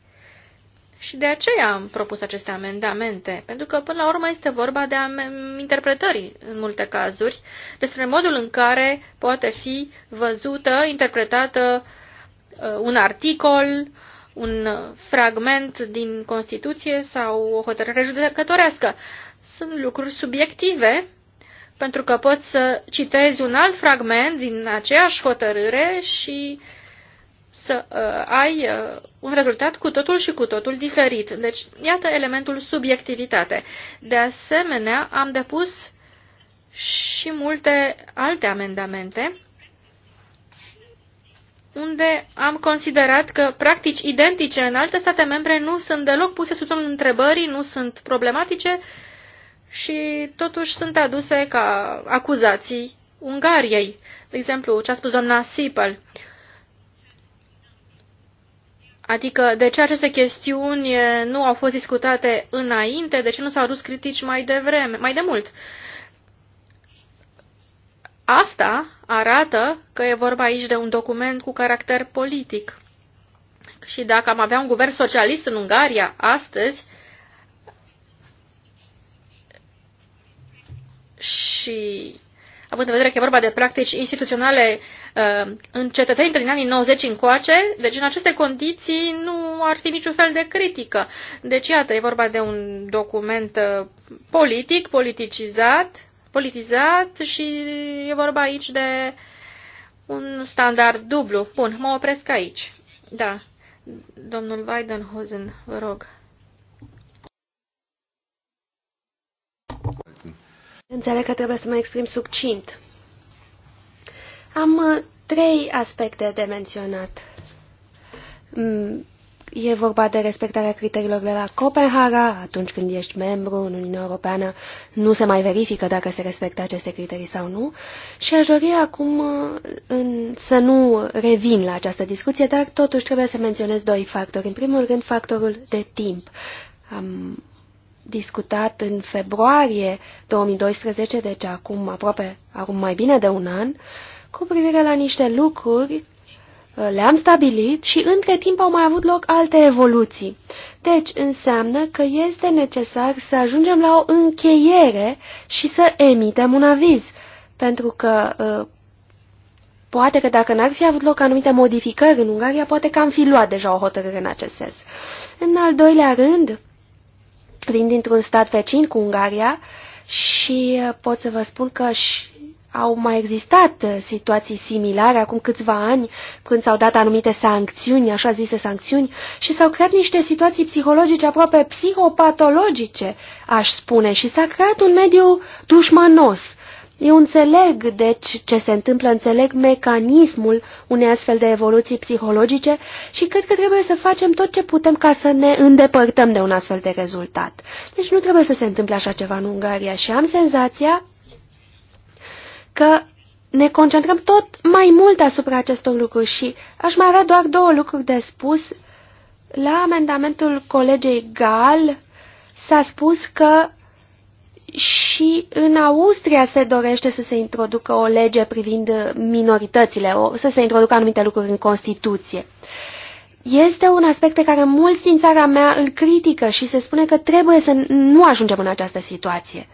Speaker 3: și de aceea am propus aceste amendamente, pentru că până la urmă este vorba de interpretări în multe cazuri, despre modul în care poate fi văzută, interpretată uh, un articol, un fragment din Constituție sau o hotărâre judecătorească. Sunt lucruri subiective, pentru că poți să citezi un alt fragment din aceeași hotărâre și să uh, ai uh, un rezultat cu totul și cu totul diferit. Deci, iată elementul subiectivitate. De asemenea, am depus și multe alte amendamente unde am considerat că practici identice în alte state membre nu sunt deloc puse sub semnul întrebării, nu sunt problematice și totuși sunt aduse ca acuzații Ungariei. De exemplu, ce a spus doamna Sipel. Uh, Adică de ce aceste chestiuni nu au fost discutate înainte, de ce nu s-au dus critici mai devreme, mai de mult. Asta arată că e vorba aici de un document cu caracter politic. Și dacă am avea un guvern socialist în Ungaria astăzi și având în vedere că e vorba de practici instituționale Ehm, în cetățenii din anii 90 încoace, deci în aceste condiții nu ar fi niciun fel de critică. Deci, iată, e vorba de un document eh, politic, politicizat, politizat și e vorba aici de un standard dublu. Bun, mă opresc aici. Da. Domnul Weidenhausen, vă rog.
Speaker 1: Înțeleg că trebuie să mă exprim succint. Am uh, trei aspecte de menționat. Mm, e vorba de respectarea criteriilor de la Copenhaga, atunci când ești membru în Uniunea Europeană, nu se mai verifică dacă se respectă aceste criterii sau nu. Și aș dori acum uh, în, să nu revin la această discuție, dar totuși trebuie să menționez doi factori. În primul rând, factorul de timp. Am discutat în februarie 2012, deci acum aproape, acum mai bine de un an, uh, cu privire la niște lucruri, le-am stabilit și între timp au mai avut loc alte evoluții. Deci înseamnă că este necesar să ajungem la o încheiere și să emitem un aviz, pentru că ă, Poate că dacă n-ar fi avut loc anumite modificări în Ungaria, poate că am fi luat deja o hotărâre în acest sens. În al doilea rând, vin dintr-un stat vecin cu Ungaria și ă, pot să vă spun că și au mai existat uh, situații similare acum câțiva ani, când s-au dat anumite sancțiuni, așa zise sancțiuni, și s-au creat niște situații psihologice aproape psihopatologice, aș spune, și s-a creat un mediu dușmanos. Eu înțeleg, deci, ce se întâmplă, înțeleg mecanismul unei astfel de evoluții psihologice și cred că trebuie să facem tot ce putem ca să ne îndepărtăm de un astfel de rezultat. Deci nu trebuie să se întâmple așa ceva în Ungaria și am senzația că ne concentrăm tot mai mult asupra acestor lucruri și aș mai avea doar două lucruri de spus. La amendamentul colegei Gal s-a spus că și în Austria se dorește să se introducă o lege privind minoritățile, o, să se introducă anumite lucruri în Constituție. Este un aspect pe care mulți din țara mea îl critică și se spune că trebuie să nu ajungem în această situație.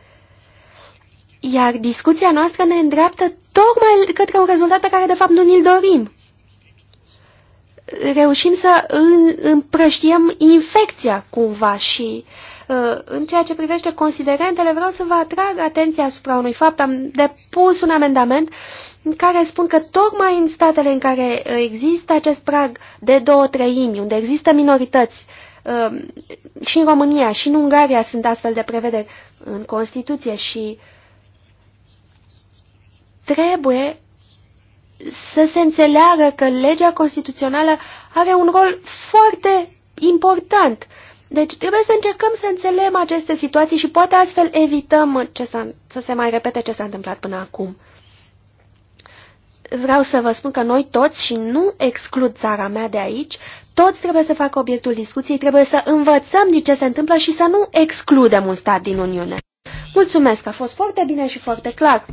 Speaker 1: Iar discuția noastră ne îndreaptă tocmai către un rezultat pe care de fapt nu ni-l dorim. Reușim să împrăștiem infecția cumva și uh, în ceea ce privește considerentele vreau să vă atrag atenția asupra unui fapt. Am depus un amendament în care spun că tocmai în statele în care uh, există acest prag de două treimi, unde există minorități, uh, și în România și în Ungaria sunt astfel de prevederi în Constituție și uh, trebuie să se înțeleagă că legea constituțională are un rol foarte important. Deci trebuie să încercăm să înțelegem aceste situații și poate astfel evităm ce să se mai repete ce s-a întâmplat până acum. Vreau să vă spun că noi toți, și nu exclud țara mea de aici, toți trebuie să facă obiectul discuției, trebuie să învățăm din ce se întâmplă și să nu excludem un stat din Uniune. Mulțumesc, a fost foarte bine și foarte clar.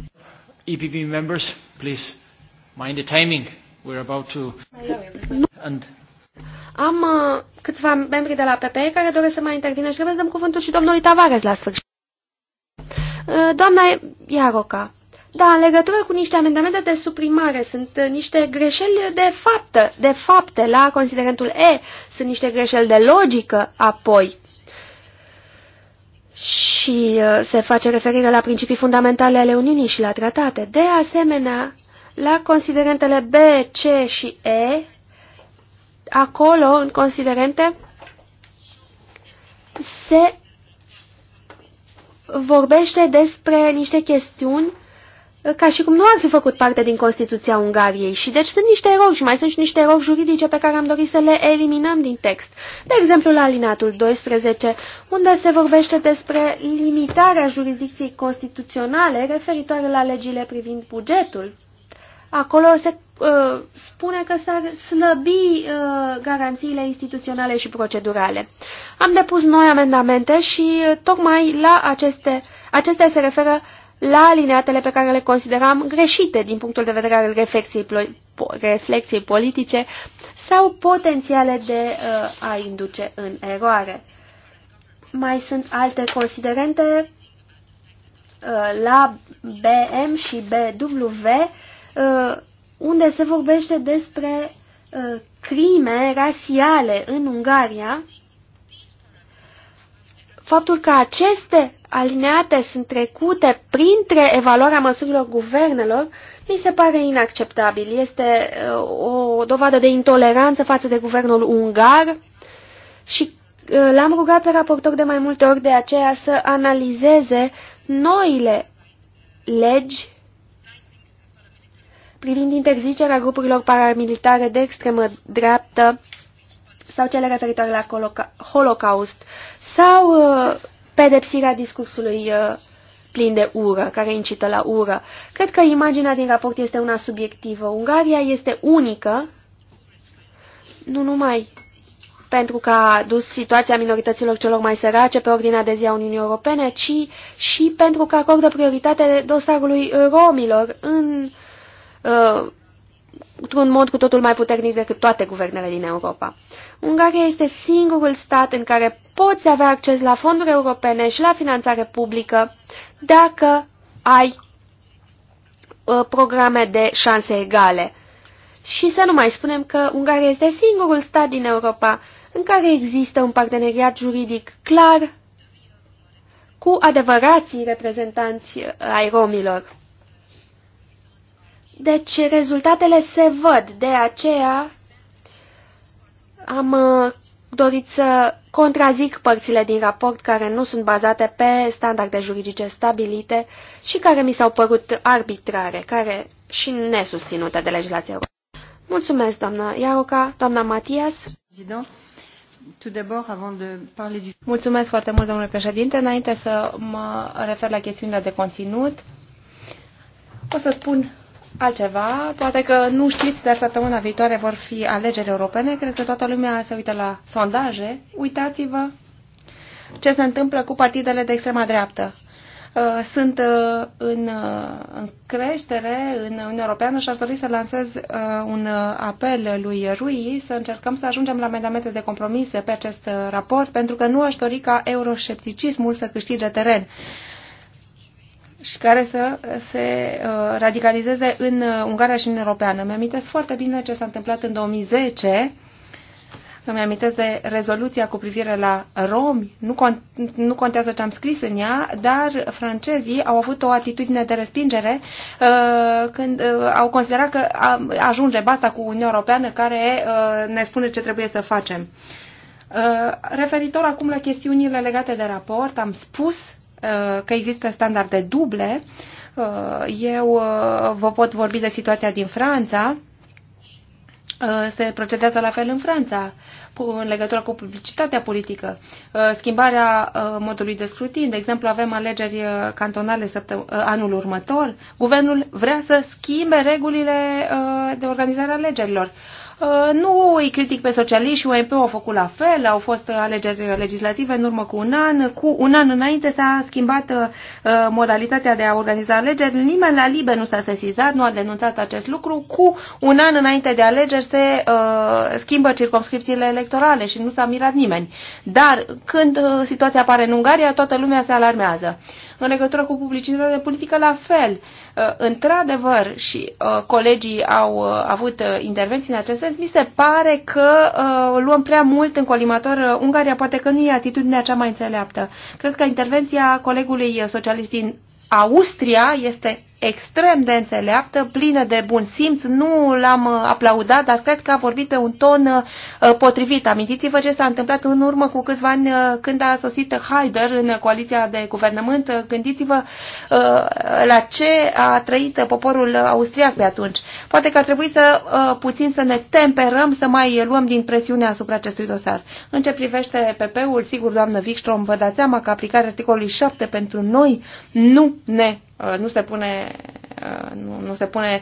Speaker 1: EPP members, please mind the timing. We're about to... And... Am uh, câțiva membri de la PP care doresc să mai intervină și trebuie să dăm cuvântul și domnului Tavares la sfârșit. Uh, doamna Iaroca, da, în legătură cu niște amendamente de suprimare, sunt uh, niște greșeli de faptă, de fapte la considerentul E, sunt niște greșeli de logică apoi și uh, se face referire la principii fundamentale ale Uniunii și la tratate. De asemenea, la considerentele B, C și E, acolo, în considerente, se vorbește despre niște chestiuni ca și cum nu ar fi făcut parte din Constituția Ungariei și deci sunt niște erori și mai sunt și niște erori juridice pe care am dorit să le eliminăm din text. De exemplu, la alinatul 12, unde se vorbește despre limitarea jurisdicției constituționale referitoare la legile privind bugetul. Acolo se uh, spune că s-ar slăbi uh, garanțiile instituționale și procedurale. Am depus noi amendamente și uh, tocmai la aceste, acestea se referă la alineatele pe care le consideram greșite din punctul de vedere al reflexiei, reflexiei politice sau potențiale de uh, a induce în eroare. Mai sunt alte considerente uh, la BM și BW uh, unde se vorbește despre uh, crime rasiale în Ungaria, faptul că aceste alineate sunt trecute printre evaluarea măsurilor guvernelor, mi se pare inacceptabil. Este uh, o dovadă de intoleranță față de guvernul ungar și uh, l-am rugat pe raportor de mai multe ori de aceea să analizeze noile legi privind interzicerea grupurilor paramilitare de extremă dreaptă sau cele referitoare la holocaust sau uh, pedepsirea discursului uh, plin de ură, care incită la ură. Cred că imaginea din raport este una subiectivă. Ungaria este unică, nu numai pentru că a dus situația minorităților celor mai sărace pe ordinea de zi a Uniunii Europene, ci și pentru că acordă prioritate dosarului romilor în uh, într-un mod cu totul mai puternic decât toate guvernele din Europa. Ungaria este singurul stat în care poți avea acces la fonduri europene și la finanțare publică dacă ai uh, programe de șanse egale. Și să nu mai spunem că Ungaria este singurul stat din Europa în care există un parteneriat juridic clar cu adevărații reprezentanți uh, ai romilor. Deci rezultatele se văd, de aceea am uh, dorit să contrazic părțile din raport care nu sunt bazate pe standarde juridice stabilite și care mi s-au părut arbitrare, care și nesusținute de legislația europeană. Mulțumesc, doamna Iaroca, doamna Matias.
Speaker 2: Mulțumesc foarte mult, domnule președinte. Înainte să mă refer la chestiunile de conținut, o să spun Altceva, poate că nu știți, dar săptămâna viitoare vor fi alegeri europene. Cred că toată lumea se uită la sondaje. Uitați-vă ce se întâmplă cu partidele de extrema dreaptă. Uh, sunt uh, uh, în, creștere în Uniunea Europeană și aș dori să lansez un apel lui Rui să încercăm să ajungem la amendamente de compromise pe acest raport, pentru că nu aș dori ca euroscepticismul să câștige teren și care să se uh, radicalizeze în uh, Ungaria și în Europeană. Mi-amintesc foarte bine ce s-a întâmplat în 2010 îmi amintesc de rezoluția cu privire la romi, nu, con- nu contează ce am scris în ea, dar francezii au avut o atitudine de respingere uh, când uh, au considerat că a, ajunge basta cu Uniunea Europeană care uh, ne spune ce trebuie să facem. Uh, referitor acum la chestiunile legate de raport, am spus Uh, că există standarde duble. Uh, eu uh, vă pot vorbi de situația din Franța. Se procedează la fel în Franța în legătură cu publicitatea politică, schimbarea modului de scrutin. De exemplu, avem alegeri cantonale anul următor. Guvernul vrea să schimbe regulile de organizare a alegerilor Uh, nu îi critic pe socialiști, UMP au făcut la fel, au fost alegeri legislative în urmă cu un an. Cu un an înainte s-a schimbat uh, modalitatea de a organiza alegeri. Nimeni la Libe nu s-a sesizat, nu a denunțat acest lucru. Cu un an înainte de alegeri se uh, schimbă circumscripțiile electorale și nu s-a mirat nimeni. Dar când situația apare în Ungaria, toată lumea se alarmează. În legătură cu publicitatea politică, la fel. Uh, într-adevăr, și uh, colegii au uh, avut intervenții în acest sens, mi se pare că luăm prea mult în colimator Ungaria, poate că nu e atitudinea cea mai înțeleaptă. Cred că intervenția colegului socialist din Austria este extrem de înțeleaptă, plină de bun simț. Nu l-am uh, aplaudat, dar cred că a vorbit pe un ton uh, uh, potrivit. Amintiți-vă ce s-a întâmplat în urmă cu câțiva ani când a sosit Haider în coaliția de guvernământ. Gândiți-vă la ce a trăit poporul austriac pe atunci. Poate că ar trebui să puțin să ne temperăm, să mai luăm din presiunea asupra acestui dosar. În ce privește PP-ul, sigur, doamnă Wikström, vă dați seama că aplicarea articolului 7 pentru noi nu ne Uh, nu se pune, uh, nu, nu se pune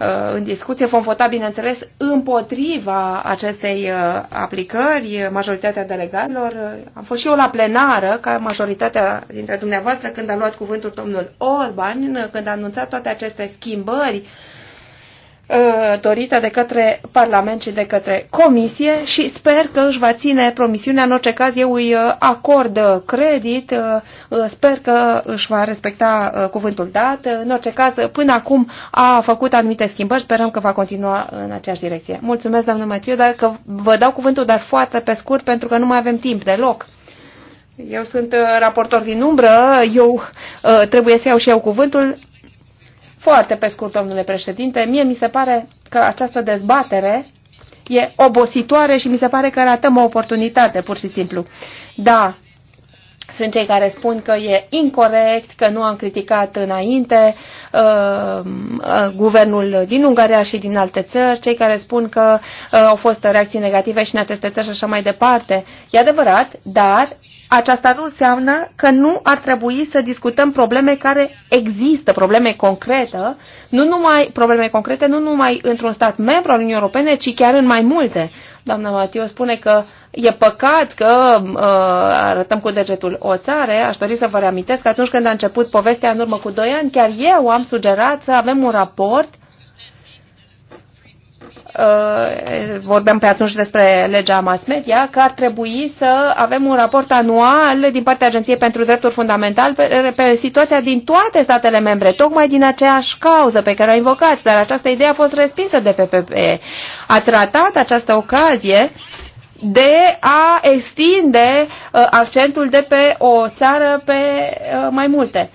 Speaker 2: uh, în discuție. Vom vota, bineînțeles, împotriva acestei aplicări, majoritatea delegaților. Am fost și eu la plenară, ca majoritatea dintre dumneavoastră, când a luat cuvântul domnul Orban, când a anunțat toate aceste schimbări Uh, dorită de către Parlament și de către Comisie și sper că își va ține promisiunea. În orice caz, eu îi uh, acord uh, credit, sper că își va respecta cuvântul dat. În orice caz, până acum a făcut anumite schimbări, sperăm că va continua în aceeași direcție. Mulțumesc, doamnă Matiu, dar că vă dau cuvântul, dar foarte pe scurt, pentru că nu mai avem timp deloc. Eu sunt raportor din umbră, eu trebuie să iau și eu cuvântul. Foarte pe scurt, domnule președinte, mie mi se pare că această dezbatere e obositoare și mi se pare că ratăm o oportunitate, pur și simplu. Da, sunt cei care spun că e incorrect, că nu am criticat înainte uh, uh, guvernul din Ungaria și din alte țări, cei care spun că uh, au fost reacții negative și în aceste țări și așa mai departe. E adevărat, dar aceasta nu înseamnă că nu ar trebui să discutăm probleme care există, probleme concrete, nu numai probleme concrete, nu numai într-un stat membru al Uniunii Europene, ci chiar în mai multe. Doamna Matiu spune că e păcat că uh, arătăm cu degetul o țară. Aș dori să vă reamintesc că atunci când a început povestea în urmă cu doi ani, chiar eu am sugerat să avem un raport uh, Uh, vorbeam pe atunci despre legea mass media, că ar trebui să avem un raport anual din partea Agenției pentru Drepturi Fundamental pe, pe situația din toate statele membre, tocmai din aceeași cauză pe care o invocați, dar această idee a fost respinsă de PPP. A tratat această ocazie de a extinde uh, accentul de pe o țară pe uh, mai multe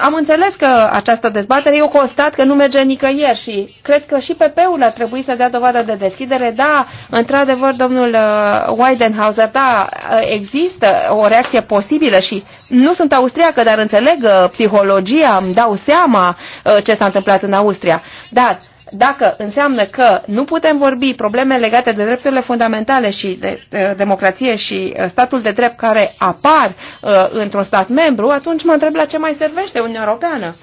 Speaker 2: am înțeles că această dezbatere, eu constat că nu merge nicăieri și cred că și PP-ul ar trebui să dea dovadă de deschidere. Da, într-adevăr, domnul uh, Weidenhauser, da, uh, există o reacție posibilă și nu sunt austriacă, dar înțeleg uh, psihologia, îmi dau seama ce s-a întâmplat în Austria. Dar dacă înseamnă că nu putem vorbi probleme legate de drepturile fundamentale și de democrație și uh, statul de drept care apar uh, într-un stat membru, atunci mă întreb la ce mai servește Uniunea Europeană.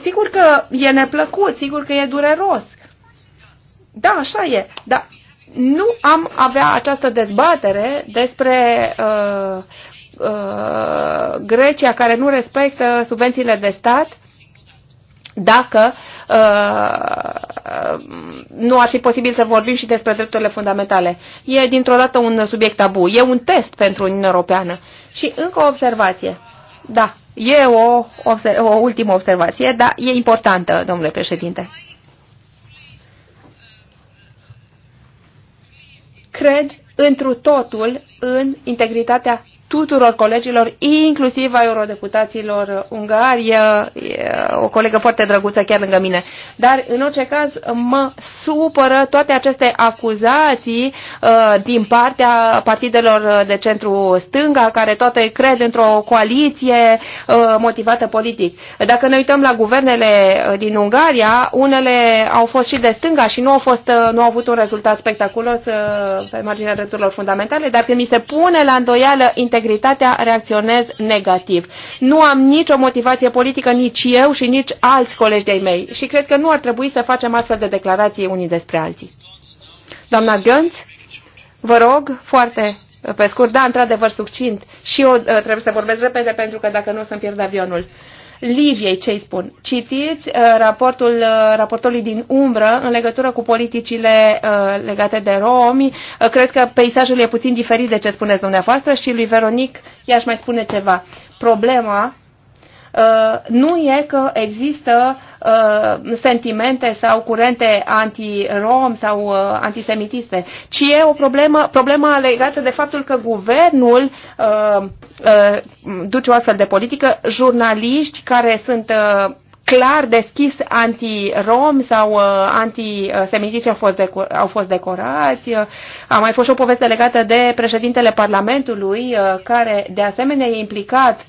Speaker 2: Sigur că e neplăcut, sigur că e dureros. Da, așa e, dar nu am avea această dezbatere despre uh, uh, Grecia care nu respectă subvențiile de stat dacă uh, nu ar fi posibil să vorbim și despre drepturile fundamentale. E dintr-o dată un subiect tabu, e un test pentru Uniunea Europeană. Și încă o observație. Da, e o, o ultimă observație, dar e importantă, domnule președinte. Cred întru totul în integritatea tuturor colegilor, inclusiv a eurodeputaților ungari. E o colegă foarte drăguță chiar lângă mine. Dar, în orice caz, mă supără toate aceste acuzații uh, din partea partidelor de centru stânga, care toate cred într-o coaliție uh, motivată politic. Dacă ne uităm la guvernele uh, din Ungaria, unele au fost și de stânga și nu au, fost, uh, nu au avut un rezultat spectaculos uh, pe marginea drepturilor fundamentale, dar când mi se pune la îndoială integritatea reacționez negativ. Nu am nicio motivație politică, nici eu și nici alți colegi de-ai mei și cred că nu ar trebui să facem astfel de declarații unii despre alții. Doamna Gönț, vă rog, foarte pe scurt, da, într-adevăr, succint. Și eu uh, trebuie să vorbesc repede pentru că dacă nu o să-mi pierd avionul. Uh, Liviei ce spun. Citiți uh, raportul uh, raportului din umbră în legătură cu politicile uh, legate de romi. Cred că peisajul e puțin diferit de ce spuneți dumneavoastră și lui Veronic i-aș mai spune ceva. Problema Uh, nu e că există uh, sentimente sau curente anti-rom sau uh, antisemitiste, ci e o problemă, problema legată de faptul că guvernul duce o astfel de politică, jurnaliști care sunt clar deschis anti-rom sau uh, antisemitici au fost, deco- au fost decorați. A mai fost și o poveste legată de președintele Parlamentului, uh, care de asemenea e implicat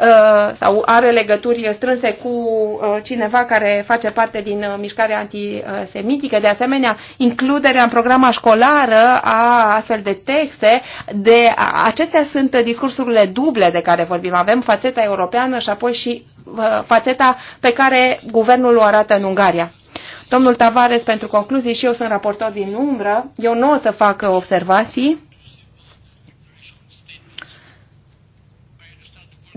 Speaker 2: Uh, sau are legături strânse cu uh, cineva care face parte din uh, mișcarea antisemitică. De asemenea, includerea în programa școlară a astfel de texte, de, acestea sunt discursurile duble de care vorbim. Avem fațeta europeană și apoi și fațeta pe care guvernul o arată în Ungaria. Domnul Tavares, pentru concluzii, și eu sunt raportor din umbră, eu nu o să fac observații,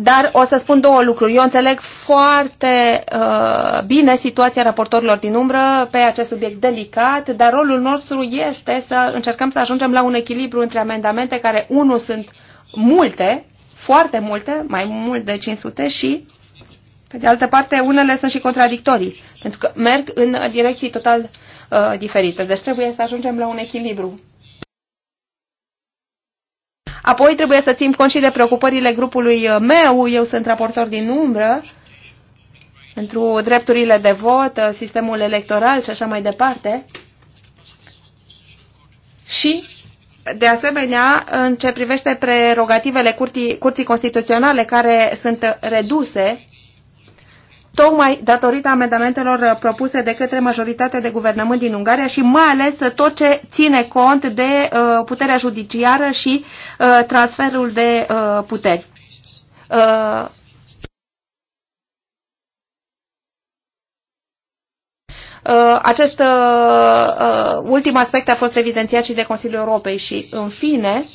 Speaker 2: Dar o să spun două lucruri. Eu înțeleg foarte uh, bine situația raportorilor din umbră pe acest subiect delicat, dar rolul nostru este să încercăm să ajungem la un echilibru între amendamente care, unul, sunt multe, foarte multe, mai mult de 500 și, pe de altă parte, unele sunt și contradictorii, pentru că merg în direcții total uh, diferite. Deci trebuie să ajungem la un echilibru. Apoi trebuie să țin cont și de preocupările grupului uh, meu, eu sunt raportor din umbră, pentru drepturile de vot, uh, sistemul electoral și așa mai departe. Și, de asemenea, în ce privește prerogativele curții, curții constituționale care sunt reduse, tocmai datorită amendamentelor uh, propuse de către majoritatea de guvernământ din Ungaria și mai ales uh, tot ce ține cont de uh, puterea judiciară și transferul de puteri. Acest ultim aspect a fost evidențiat și de Consiliul Europei și, în fine,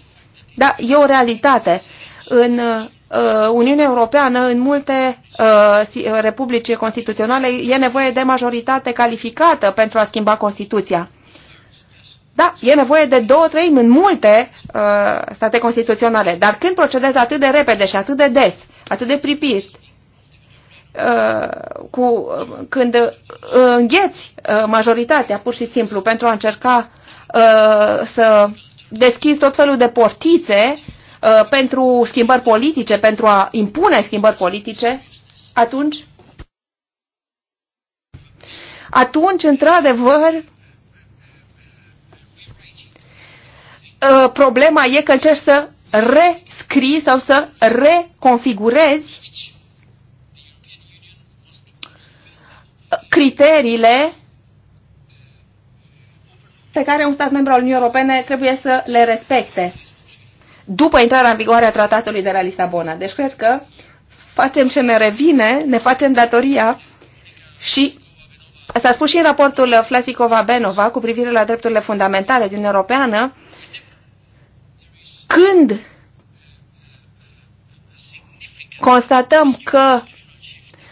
Speaker 2: da, e o realitate. În Uh, Uniunea Europeană, în multe uh, uh, republici constituționale, e nevoie de majoritate calificată pentru a schimba Constituția. Da, e nevoie de două treimi în multe uh, state constituționale, dar când procedezi atât de repede și atât de des, atât de pripit, uh, cu, când uh, îngheți uh, majoritatea pur și simplu pentru a încerca uh, să deschizi tot felul de portițe, uh, Uh, pentru schimbări politice, pentru a impune schimbări politice, atunci, atunci, într-adevăr, uh, problema e că încerci să rescrii sau să reconfigurezi uh, criteriile pe care un stat membru al Uniunii Europene trebuie să le respecte după intrarea în vigoare a tratatului de la Lisabona. Deci cred că facem ce ne revine, ne facem datoria și s-a spus și în raportul Flasicova-Benova cu privire la drepturile fundamentale din Europeană, când constatăm că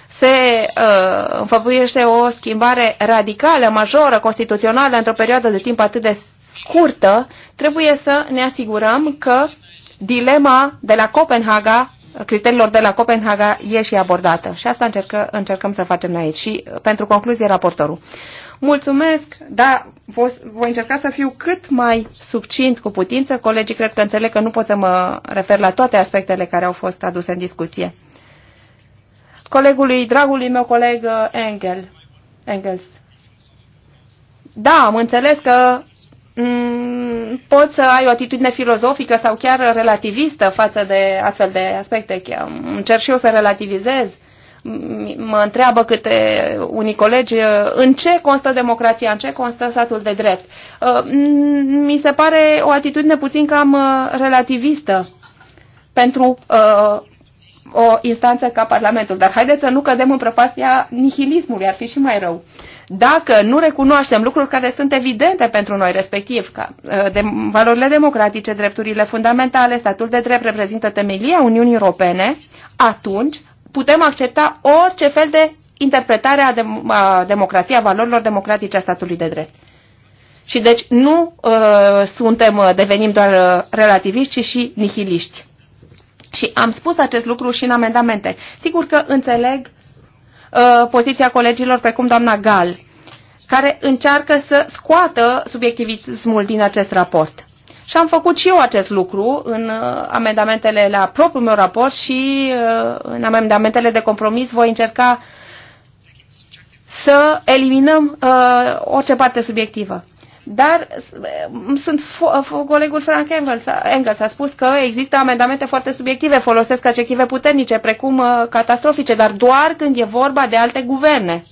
Speaker 2: se uh, înfăbuiește o schimbare radicală, majoră, constituțională, într-o perioadă de timp atât de scurtă, trebuie să ne asigurăm că dilema de la Copenhaga, criteriilor de la Copenhaga e și abordată. Și asta încercă, încercăm să facem noi aici. Și uh, pentru concluzie, raportorul. Mulțumesc, da, voi încerca să fiu cât mai subțint cu putință. Colegii cred că înțeleg că nu pot să mă refer la toate aspectele care au fost aduse în discuție. Colegului, dragului meu coleg uh, Engel, Engels. Da, am înțeles că Mm, poți să ai o atitudine filozofică sau chiar relativistă față de astfel de aspecte. Încerc și eu să relativizez. Mă întreabă câte unii colegi în ce constă democrația, în ce constă statul de drept. Uh, mi se pare o atitudine puțin cam uh, relativistă pentru uh, o instanță ca Parlamentul. Dar haideți să nu cădem în prăpastia nihilismului, ar fi și mai rău dacă nu recunoaștem lucruri care sunt evidente pentru noi, respectiv că ă, de, valorile democratice, drepturile fundamentale, statul de drept reprezintă temelia Uniunii Europene, atunci putem accepta orice fel de interpretare a, a democrației, a valorilor democratice a statului de drept. Și deci nu uh, suntem, ă, devenim doar relativiști, ci și nihiliști. Și am spus acest lucru și în amendamente. Sigur că înțeleg Uh, poziția colegilor precum doamna Gal, care încearcă să scoată subiectivismul din acest raport. Și am făcut și eu acest lucru în uh, amendamentele la propriul meu raport și uh, în amendamentele de compromis voi încerca să eliminăm uh, orice parte subiectivă. Dar mm, sunt colegul Frank Engels a spus că există amendamente foarte subiective, folosesc acechive puternice, precum uh, catastrofice, dar doar când e vorba de alte guverne.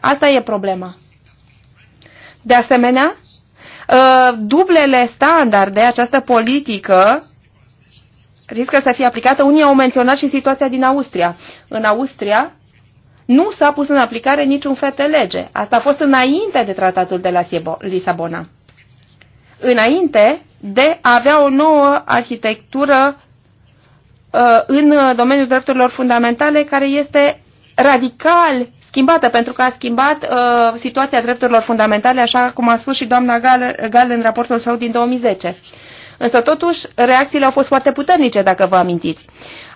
Speaker 2: Asta e problema. De asemenea, uh, dublele standarde, această politică, riscă să fie aplicată. Unii au menționat și situația din Austria. În Austria, nu s-a pus în aplicare niciun fel de lege. Asta a fost înainte de tratatul de la Lisabona. Înainte de a avea o nouă arhitectură uh, în domeniul drepturilor fundamentale care este radical schimbată, pentru că a schimbat uh, situația drepturilor fundamentale, așa cum a spus și doamna Gal, Gal în raportul său din 2010. Însă, totuși, reacțiile au fost foarte puternice, dacă vă amintiți.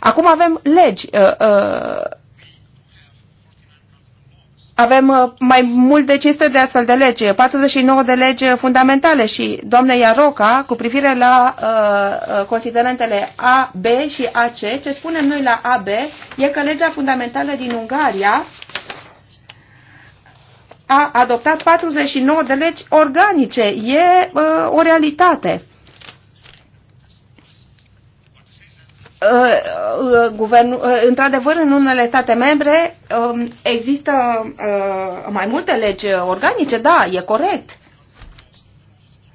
Speaker 2: Acum avem legi uh, uh, avem uh, mai mult de 500 de astfel de legi, 49 de legi fundamentale și doamne Iaroca, cu privire la uh, uh considerentele A, B și AC, ce spunem noi la AB e că legea fundamentală din Ungaria a adoptat 49 de legi organice. E uh, o realitate. Uh, uh, uh, într-adevăr, în unele state membre um, există mai multe legi organice, da, e corect.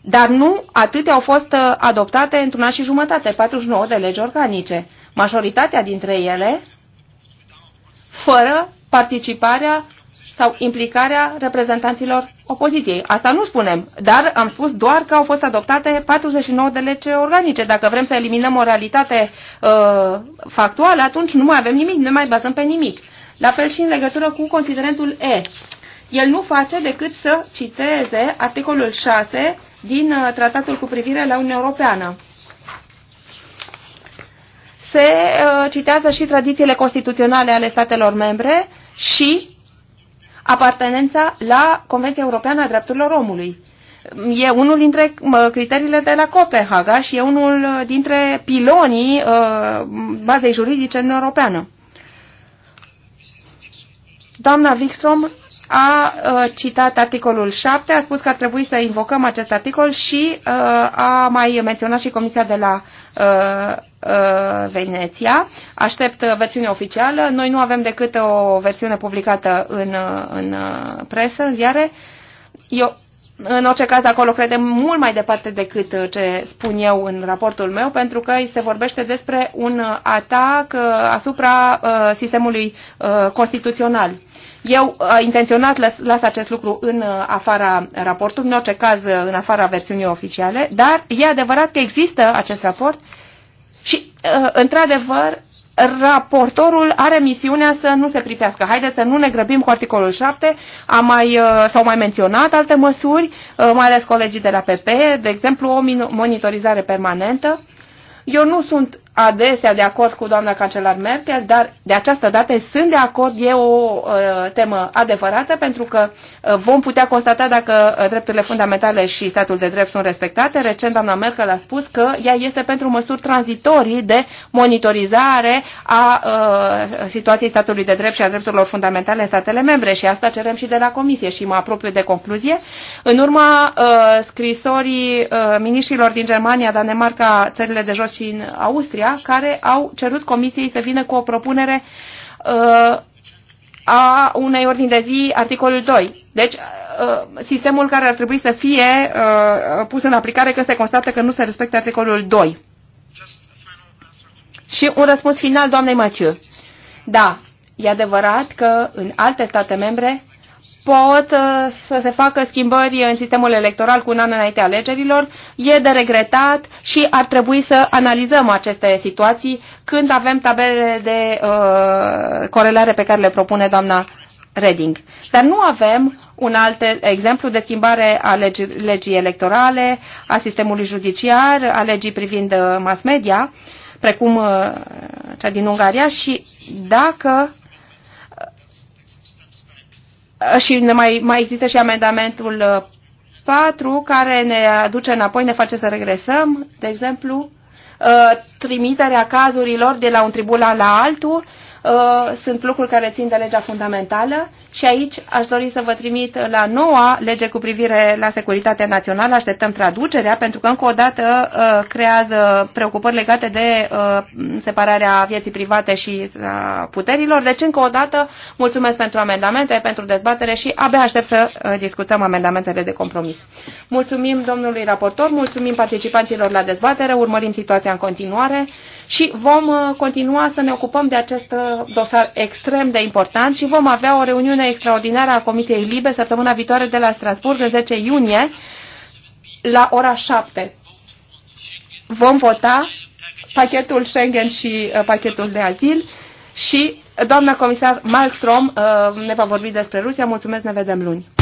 Speaker 2: Dar nu atâtea au fost adoptate într-un an și jumătate, 49 de legi organice. Majoritatea dintre ele fără participarea sau implicarea reprezentanților opoziției. Asta nu spunem, dar am spus doar că au fost adoptate 49 de lege organice. Dacă vrem să eliminăm o realitate uh, factuală, atunci nu mai avem nimic, nu mai bazăm pe nimic. La fel și în legătură cu considerentul E. El nu face decât să citeze articolul 6 din uh, tratatul cu privire la Uniunea Europeană se uh, citează și tradițiile constituționale ale statelor membre și apartenența la Convenția Europeană a Drepturilor Omului. E unul dintre criteriile de la Copenhaga și e unul dintre pilonii uh, bazei juridice în europeană. Doamna Wikstrom a uh, citat articolul 7, a spus că ar trebui să invocăm acest articol și uh, a mai menționat și Comisia de la Uh, uh, Veneția. Aștept versiunea oficială. Noi nu avem decât o versiune publicată în, uh, în presă, în ziare. Eu, în orice caz, acolo credem mult mai departe decât ce spun eu în raportul meu, pentru că se vorbește despre un atac asupra sistemului constituțional eu uh, intenționat las, las acest lucru în uh, afara raportului, în orice caz uh, în afara versiunii oficiale, dar e adevărat că există acest raport și, într-adevăr, raportorul are misiunea să nu se pripească. Haideți să nu ne grăbim cu articolul 7. Am mai, s-au mai menționat alte măsuri, mai ales colegii de la PP, de exemplu, o monitorizare permanentă. Eu nu sunt adesea de acord cu doamna cancelar Merkel, dar de această dată sunt de acord, e o uh, temă adevărată, pentru că uh, vom putea constata dacă uh, drepturile fundamentale și statul de drept sunt respectate. Recent doamna Merkel a spus că ea este pentru măsuri tranzitorii de monitorizare a uh, situației statului de drept și a drepturilor fundamentale în statele membre și asta cerem și de la Comisie și mă apropiu de concluzie. În urma uh, scrisorii uh, miniștrilor din Germania, Danemarca, țările de jos și în Austria, Austria, care au cerut Comisiei să vină cu o propunere uh, a unei ordini de zi, articolul 2. Deci, uh, sistemul care ar trebui să fie uh, pus în aplicare că se constată că nu se respectă articolul 2. Și un răspuns final, doamnei Maciu. Da, e adevărat că în alte state membre pot uh, să se facă schimbări în sistemul electoral cu un an înainte alegerilor. E de regretat și ar trebui să analizăm aceste situații când avem tabele de uh, corelare pe care le propune doamna Reding. Dar nu avem un alt exemplu de schimbare a legii, legii electorale, a sistemului judiciar, a legii privind uh, mass media, precum uh, cea din Ungaria și dacă Uh, și mai, mai există și amendamentul 4 uh, care ne aduce înapoi, ne face să regresăm, de exemplu, uh, trimiterea cazurilor de la un tribunal la altul, Uh, sunt lucruri care țin de legea fundamentală și aici aș dori să vă trimit la noua lege cu privire la securitatea națională. Așteptăm traducerea pentru că încă o dată uh, creează preocupări legate de uh, separarea vieții private și puterilor. Deci încă o dată mulțumesc pentru amendamente, pentru dezbatere și abia aștept să discutăm amendamentele de compromis. Mulțumim domnului raportor, mulțumim participanților la dezbatere, urmărim situația în continuare și vom uh, continua să ne ocupăm de acest uh, dosar extrem de important și vom avea o reuniune extraordinară a Comisiei Libe săptămâna viitoare de la Strasburg, în 10 iunie, la ora 7. Vom vota pachetul Schengen și uh, pachetul de azil și doamna comisar Malmström ne va vorbi despre Rusia. Mulțumesc, ne vedem luni.